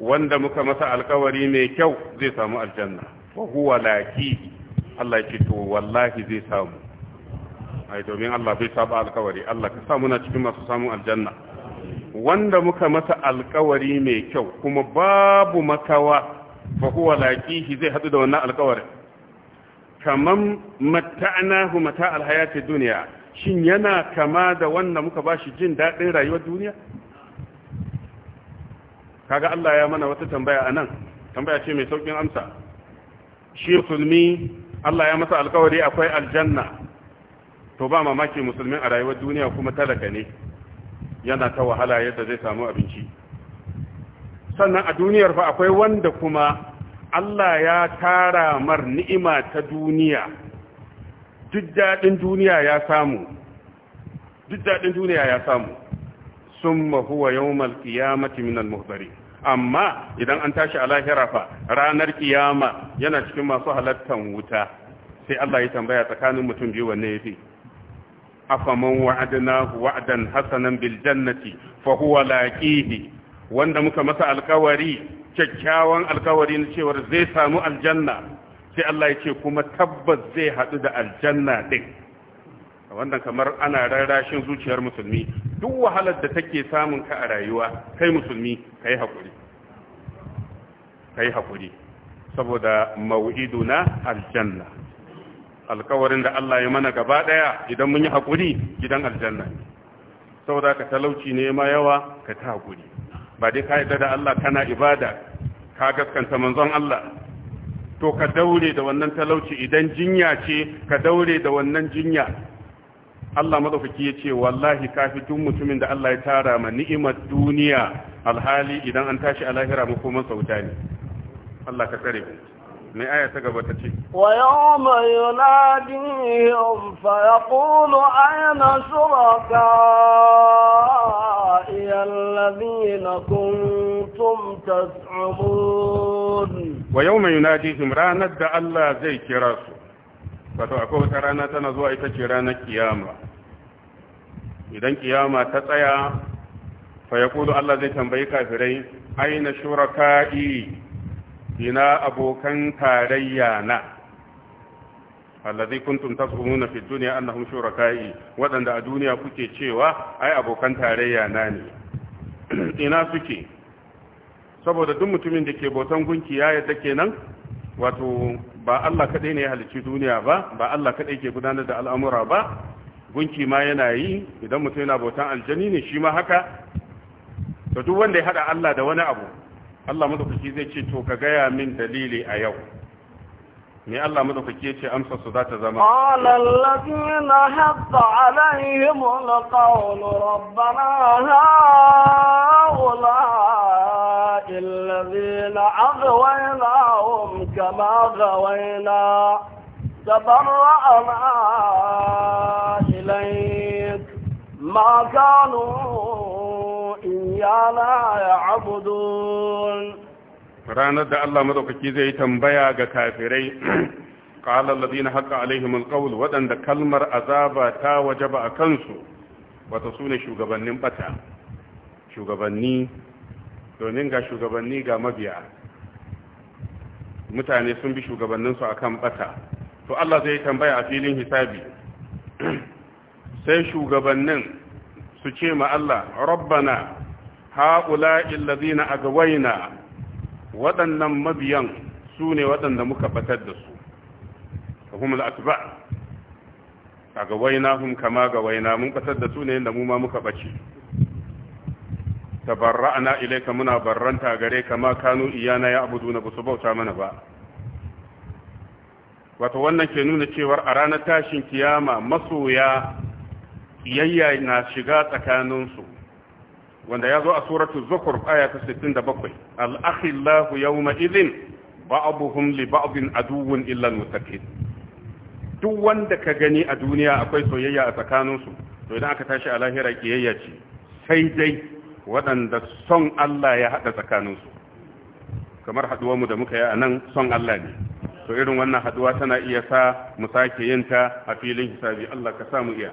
wanda muka masa alkawari mai kyau zai samu aljanna wa huwa laki Allah ya ce to wallahi zai samu ai domin Allah bai saba alkawari Allah ka samu na cikin masu samun aljanna wanda muka masa alkawari mai kyau kuma babu makawa fa huwa laqihi zai hadu da wannan alkawarin kaman matta'nahu mata alhayati duniya shin yana kama da wanda muka bashi jin daɗin rayuwar duniya kaga Allah ya mana wata tambaya anan tambaya ce mai saukin amsa shi musulmi Allah ya masa alkawari akwai aljanna to ba mamaki musulmin a rayuwar duniya kuma talaka ne yana ta wahala yadda zai samu abinci sannan a duniyar fa akwai wanda kuma Allah ya tara mar ni'ima ta duniya duk daɗin duniya ya samu duk daɗin duniya ya samu summa huwa yawmal qiyamati minal muhdari amma idan an tashi a lahira fa ranar kiyama yana cikin masu halattan wuta sai Allah ya tambaya tsakanin mutum biyu wanne yafi afaman wa'adnahu wa'dan hasanan bil jannati fa huwa laqihi wanda muka masa alkawari kyakkyawan alkawari na cewar zai samu aljanna sai Allah ya ce kuma tabbas zai haɗu da aljanna ɗin wannan kamar ana rarrashin zuciyar musulmi duk wahalar da take samun ka a rayuwa kai musulmi kai haƙuri kai haƙuri saboda mau'iduna aljanna alkawarin da Allah ya mana gaba ɗaya idan mun yi haƙuri gidan aljanna saboda ka talauci ne ma yawa ka ta haƙuri ba dai ka yarda da Allah kana ibada ka gaskanta manzon Allah to ka daure da wannan talauci idan jinya ce ka daure da wannan jinya Allah madaukaki ya ce wallahi kafi tun mutumin da Allah ya tara ma ni'imar duniya alhali idan an tashi a lahira makoman sauta ne Allah ka tsare mu mai aya ta gaba ta ce wa yawma yunadihim fa yaqulu ayna shuraka alladhina kuntum tas'umun wa yawma yunadihim ranar da Allah zai kira su wato akwai wata rana tana zuwa ita ce ranar kiyama idan kiyama ta tsaya fa yaqulu Allah zai tambayi kafirai aina shuraka'i ina abokan tarayya na allazi kuntum tasumuna fi dunya annahum shuraka'i wadanda a duniya kuke cewa ai abokan tarayya na ne ina suke saboda duk mutumin da ke bautan gunki ya yadda kenan wato ba Allah kadai ne ya halicci duniya ba ba Allah kadai ke gudanar da al'amura ba gunki ma yana yi idan mutum yana bautan aljani ne shi ma haka to duk wanda ya hada Allah da wani abu Allah madaukaki zai ce to ka gaya min dalili a yau me Allah madaukaki yace amsar su zata zama qala allazina hatta alaihim alqawl rabbana haula allazina aghwaynahum kama aghwayna tabarra'na ilayk ma kanu إيانا يعبدون ranar da Allah madaukaki zai tambaya ga kafirai qala alladhina haqa alaihim alqawl wadanda kalmar azaba ta wajaba a kansu wata sune shugabannin bata shugabanni domin ga shugabanni ga mabiya mutane sun bi shugabanninsu akan bata to Allah zai tambaya a filin hisabi sai shugabannin su ce ma Allah rabbana ha'ula'i allazina agwaina waɗannan mabiyan su ne waɗanda muka batar da su kuma fahimul atba agwaina hum kama gawaina mun batar da su ne inda mu ma muka bace tabarra'na ilayka muna barranta gare kama kanu iyana ya abuduna ba su bauta mana ba wato wannan ke nuna cewar a ranar tashin kiyama masoya kiyayya na shiga tsakaninsu wanda ya zo a suratu zukur aya ta 67 al-akhillahu yawma idhin ba'dhum li ba'dhin aduwwun illa al-muttaqin duk wanda ka gani a duniya akwai soyayya a tsakaninsu to idan aka tashi a lahira kiyayya ce sai dai waɗanda son Allah ya haɗa tsakaninsu kamar haɗuwarmu da muka yi a nan son Allah ne to irin wannan haɗuwa tana iya sa mu sake yinta a filin hisabi Allah ka samu iya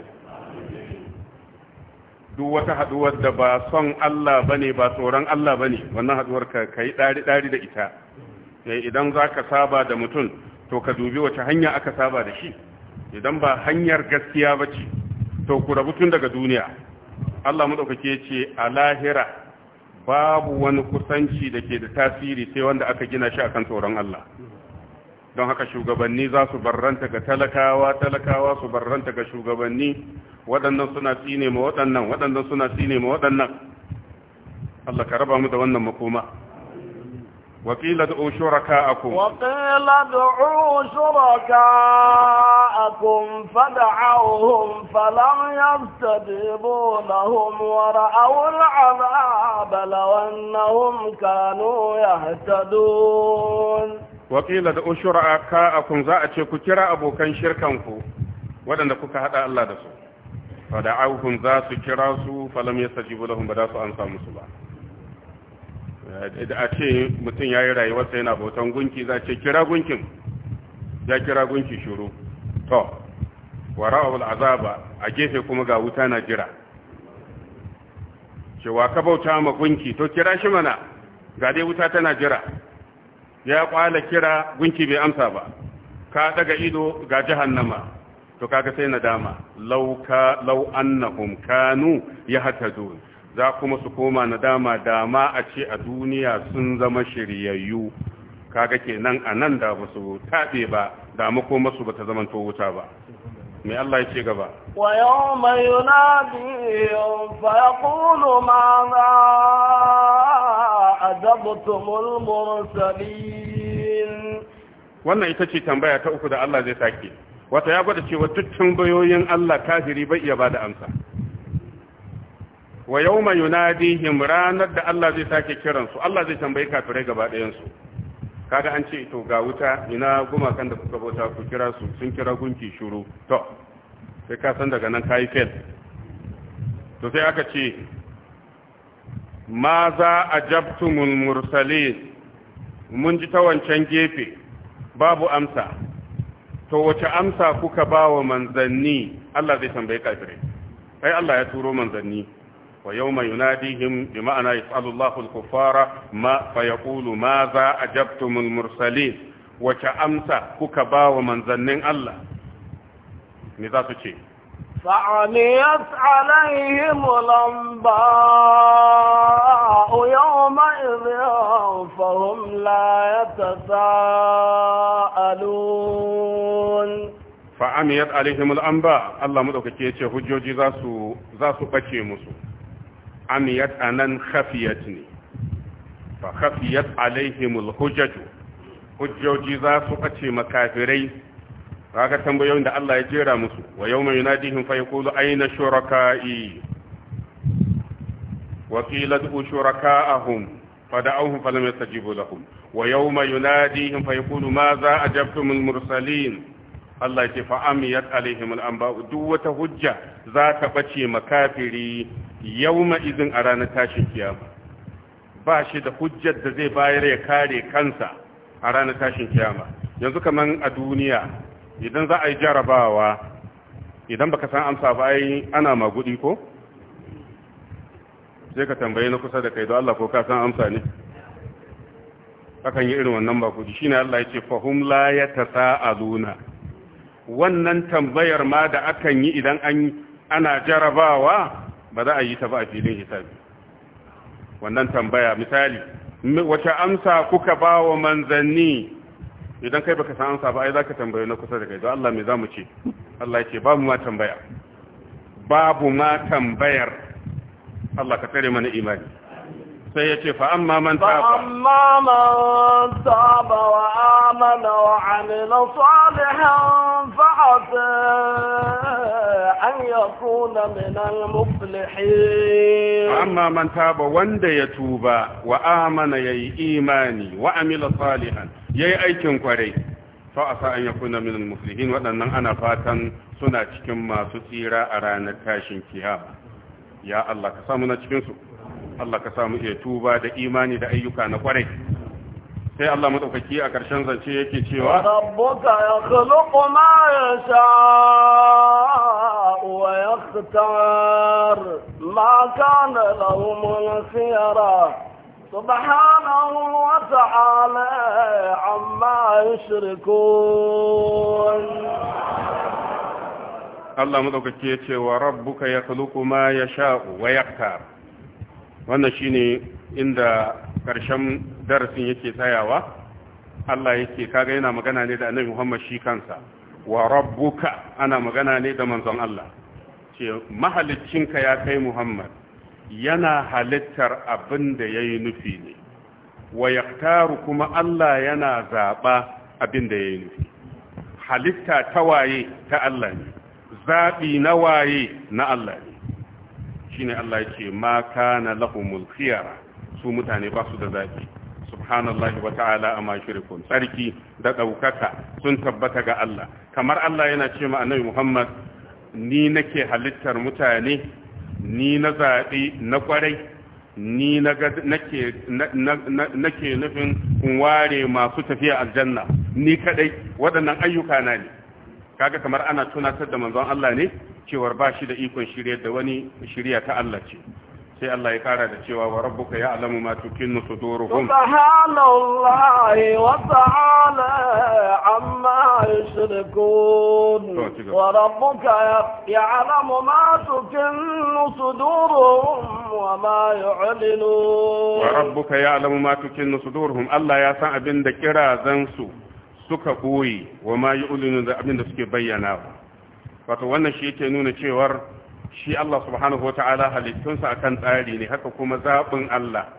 duk wata haduwar da ba son Allah bane ba tsoron Allah bane wannan haduwar ka kai dari dari da ita eh, idan zaka saba da mutum to ka dubi wace hanya aka saba da shi idan ba hanyar gaskiya bace to ku rabu tun daga duniya Allah madaukake ya ce a lahira babu wani kusanci da ke da tasiri sai wanda aka gina shi akan tsoron Allah don haka shugabanni za su barranta ga talakawa talakawa su barranta ga shugabanni waɗannan suna tsine ma waɗannan waɗannan suna tsine ma waɗannan Allah ka raba mu da wannan makoma وقيل ادعوا شركاءكم وقيل ادعوا شركاءكم فدعوهم فلم يستجيبوا لهم ورأوا العذاب لو أنهم كانوا يهتدون waƙila da ushura ka akun za a ce ku kira abokan shirkanku waɗanda kuka haɗa Allah da su fa da auhun za su kira su falam ya sajibu lahum ba za su amsa musu ba da a ce mutum ya yi rayuwarsa yana bautan gunki za ce kira gunkin ya kira gunki shuru to wa ra'awul azaba a gefe kuma ga wuta na jira cewa ka bauta ma gunki to kira shi mana ga dai wuta tana jira ya kwala kira gunki bai amsa ba ka daga ido ga jahannama to kaga sai nadama law ka law annahum kanu yahtadun za kuma su koma nadama dama a ce a duniya sun zama shiryayyu kaga kenan anan da ba su tabe ba da makoma su bata zaman to wuta ba mai Allah ya ce gaba wa yawma yunadi fa yaqulu ma za كذبتم المرسلين wannan ita ce tambaya ta uku da Allah zai sake wata ya gwada cewa duk tambayoyin Allah kafiri bai iya bada amsa wa yawma yunadihim ranar da Allah zai sake kiran su Allah zai tambayi kafirai gaba ɗayan su kaga an ce to ga wuta ina gumakan da kuka bauta ku kira su sun kira gunki shuru to sai ka san daga nan kayi fail to sai aka ce ma za a jabtumul mursalin mun ji ta wancan gefe babu amsa to wace amsa kuka ba wa manzanni Allah zai tambaye kafirai sai Allah ya turo manzanni wa yawma yunadihim bi ma'ana yas'alu Allahu al-kuffara ma fa yaqulu ma za ajabtumul mursalin wace amsa kuka ba wa manzannin Allah me za su ce فعميت عليهم الأنباء يومئذ فهم لا يتساءلون فعميت عليهم الأنباء الله مدوكك يتشي حجوجي زاسو زاسو بكي مسو عميت أنن خفيتني فخفيت عليهم الحجج حجوجي زاسو بكي مكافرين kaga tambayoyin da Allah ya jera musu wa yawma yunadihim fa yaqulu ayna shuraka'i wa qila du shuraka'ahum fada'awhum falam yastajibu lahum wa yawma yunadihim fa yaqulu ma za ajabtum al-mursalin Allah ya ce fa amiyat alaihim al-anba'u duk wata hujja za ta bace makafiri yawma idin a ranar tashin kiyama ba shi da hujjar da zai bayar ya kare kansa a ranar tashin kiyama yanzu kaman a duniya idan za a yi jarabawa idan baka san amsa ba ai ana magudi ko sai ka tambaye na kusa da kai don Allah ko ka san amsa ne akan yi irin wannan magudi shine Allah ya ce fahum la yatasaaluna wannan tambayar ma da akan yi idan an ana jarabawa ba za a yi ta ba a filin hisabi wannan tambaya misali wace amsa kuka ba wa manzanni idan kai baka san ansa ba ai zaka tambaye na kusa da kai don Allah me mu ce Allah yake babu ma tambaya babu ma tambayar Allah ka tare mana imani sai ya ce fa'amma man taba amma man taba wa amana wa amila salihan fa'ata an ya kuna minan muflihin Fa'amma man taba wanda ya tuba wa amana yi imani wa amila salihan yayi aikin kwarai fa'asa an yakuna min al-muflihin wadannan ana fatan suna cikin masu tsira a ranar tashin kiyama ya Allah ka samu na cikinsu. Allah ka samu iya tuba da imani da ayyuka na kwarai sai Allah madaukaki a ƙarshen zance yake cewa rabbuka yakhluqu ma yasha wa yaktar ma kana lahum al-khiyara سبحانه Allah عما يشركون الله wa Rabbuka وربك يخلق ما يشاء ويختار wannan shine inda ƙarshen darasin yake tsayawa Allah yake kaga yana magana ne da annabi Muhammad shi kansa wa rabbuka ana magana ne da manzon Allah ce mahalicinka ya kai Muhammad yana halittar abin da yayi nufi ne wa yaktaru kuma Allah yana zaɓa abin da yayi nufi halitta ta waye ta Allah ne zabi na waye na Allah ne shine Allah ya ce ma kana lahumul khiyara su mutane ba su da zafi subhanallahi wa ta'ala amma shirkun sarki da daukaka sun tabbata ga Allah kamar Allah yana ce ma annabi Muhammad ni nake halittar mutane ni na zaɓi na kwarai ni nake nufin in masu tafiya aljanna ni kadai waɗannan ayyuka na ne kaga kamar ana tunatar da manzon Allah ne cewar ba shi da ikon shirya da wani shirya ta Allah ce sai Allah ya kara da cewa wa rabbuka ya alamu ma tukinnu suduruhum subhanallahi wa ta'ala amma yushrikun wa rabbuka ya alamu ma tukinnu suduruhum wa ma yu'linun wa rabbuka ya alamu ma tukinnu suduruhum Allah ya san abin da kirazan su suka boye wa ma yu'linun da abin da suke bayyana wato wannan shi yake nuna cewar shi Allah subhanahu wa ta'ala halittunsa kan tsari ne haka kuma zaɓin Allah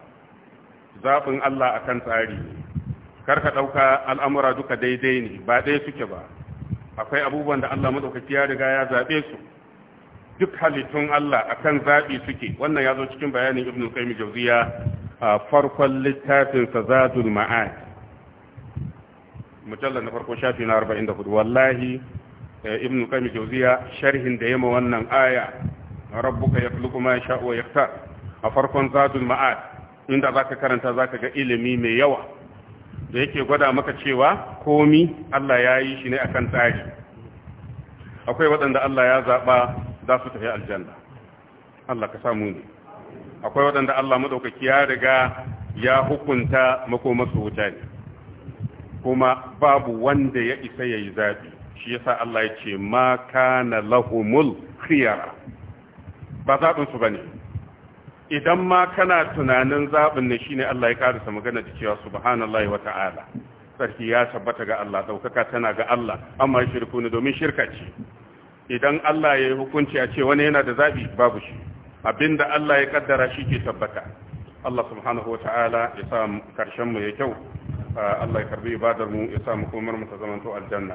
zaɓin Allah akan tsari ne karka ɗauka al'amura duka daidai ne ba ɗaya suke ba akwai abubuwan da Allah maɗaukaki ya riga ya zaɓe su duk halittun Allah akan zaɓi suke wannan ya zo cikin bayanin ibn qayyim jawziya a farkon littafin sa zadul ma'ad mujallal na farko shafi na 44 wallahi Eh, ibn qayyim jawziya sharhin da yema wannan aya rabbuka yakhluqu ma yasha'u wa yaktar a farkon zadul ma'ad inda zaka karanta zaka ga ilimi mai yawa da yake gwada maka cewa komi Allah ya yi shi ne akan tsari akwai waɗanda Allah ya zaɓa za su tafi aljanna Allah ka samu ne akwai waɗanda Allah maɗaukaki ya riga ya hukunta makomarsu wuta ne kuma babu wanda ya isa ya yi zaɓi shi yasa Allah ya ce ma kana lahumul khiyara ba zaɓinsu ba bane idan ma kana tunanin zaɓin ne shine Allah ya ƙarisa magana da cewa subhanallahi wa ta'ala sarki ya tabbata ga Allah daukaka tana ga Allah amma shirku ne domin shirka ce idan Allah ya yi hukunci a ce wani yana da zaɓi babu shi abinda Allah ya kaddara shi ke tabbata Allah subhanahu wa ta'ala ya sa karshen mu ya kyau ah, Allah ya karbi ibadar mu ya sa mu komar mu ta zamanto aljanna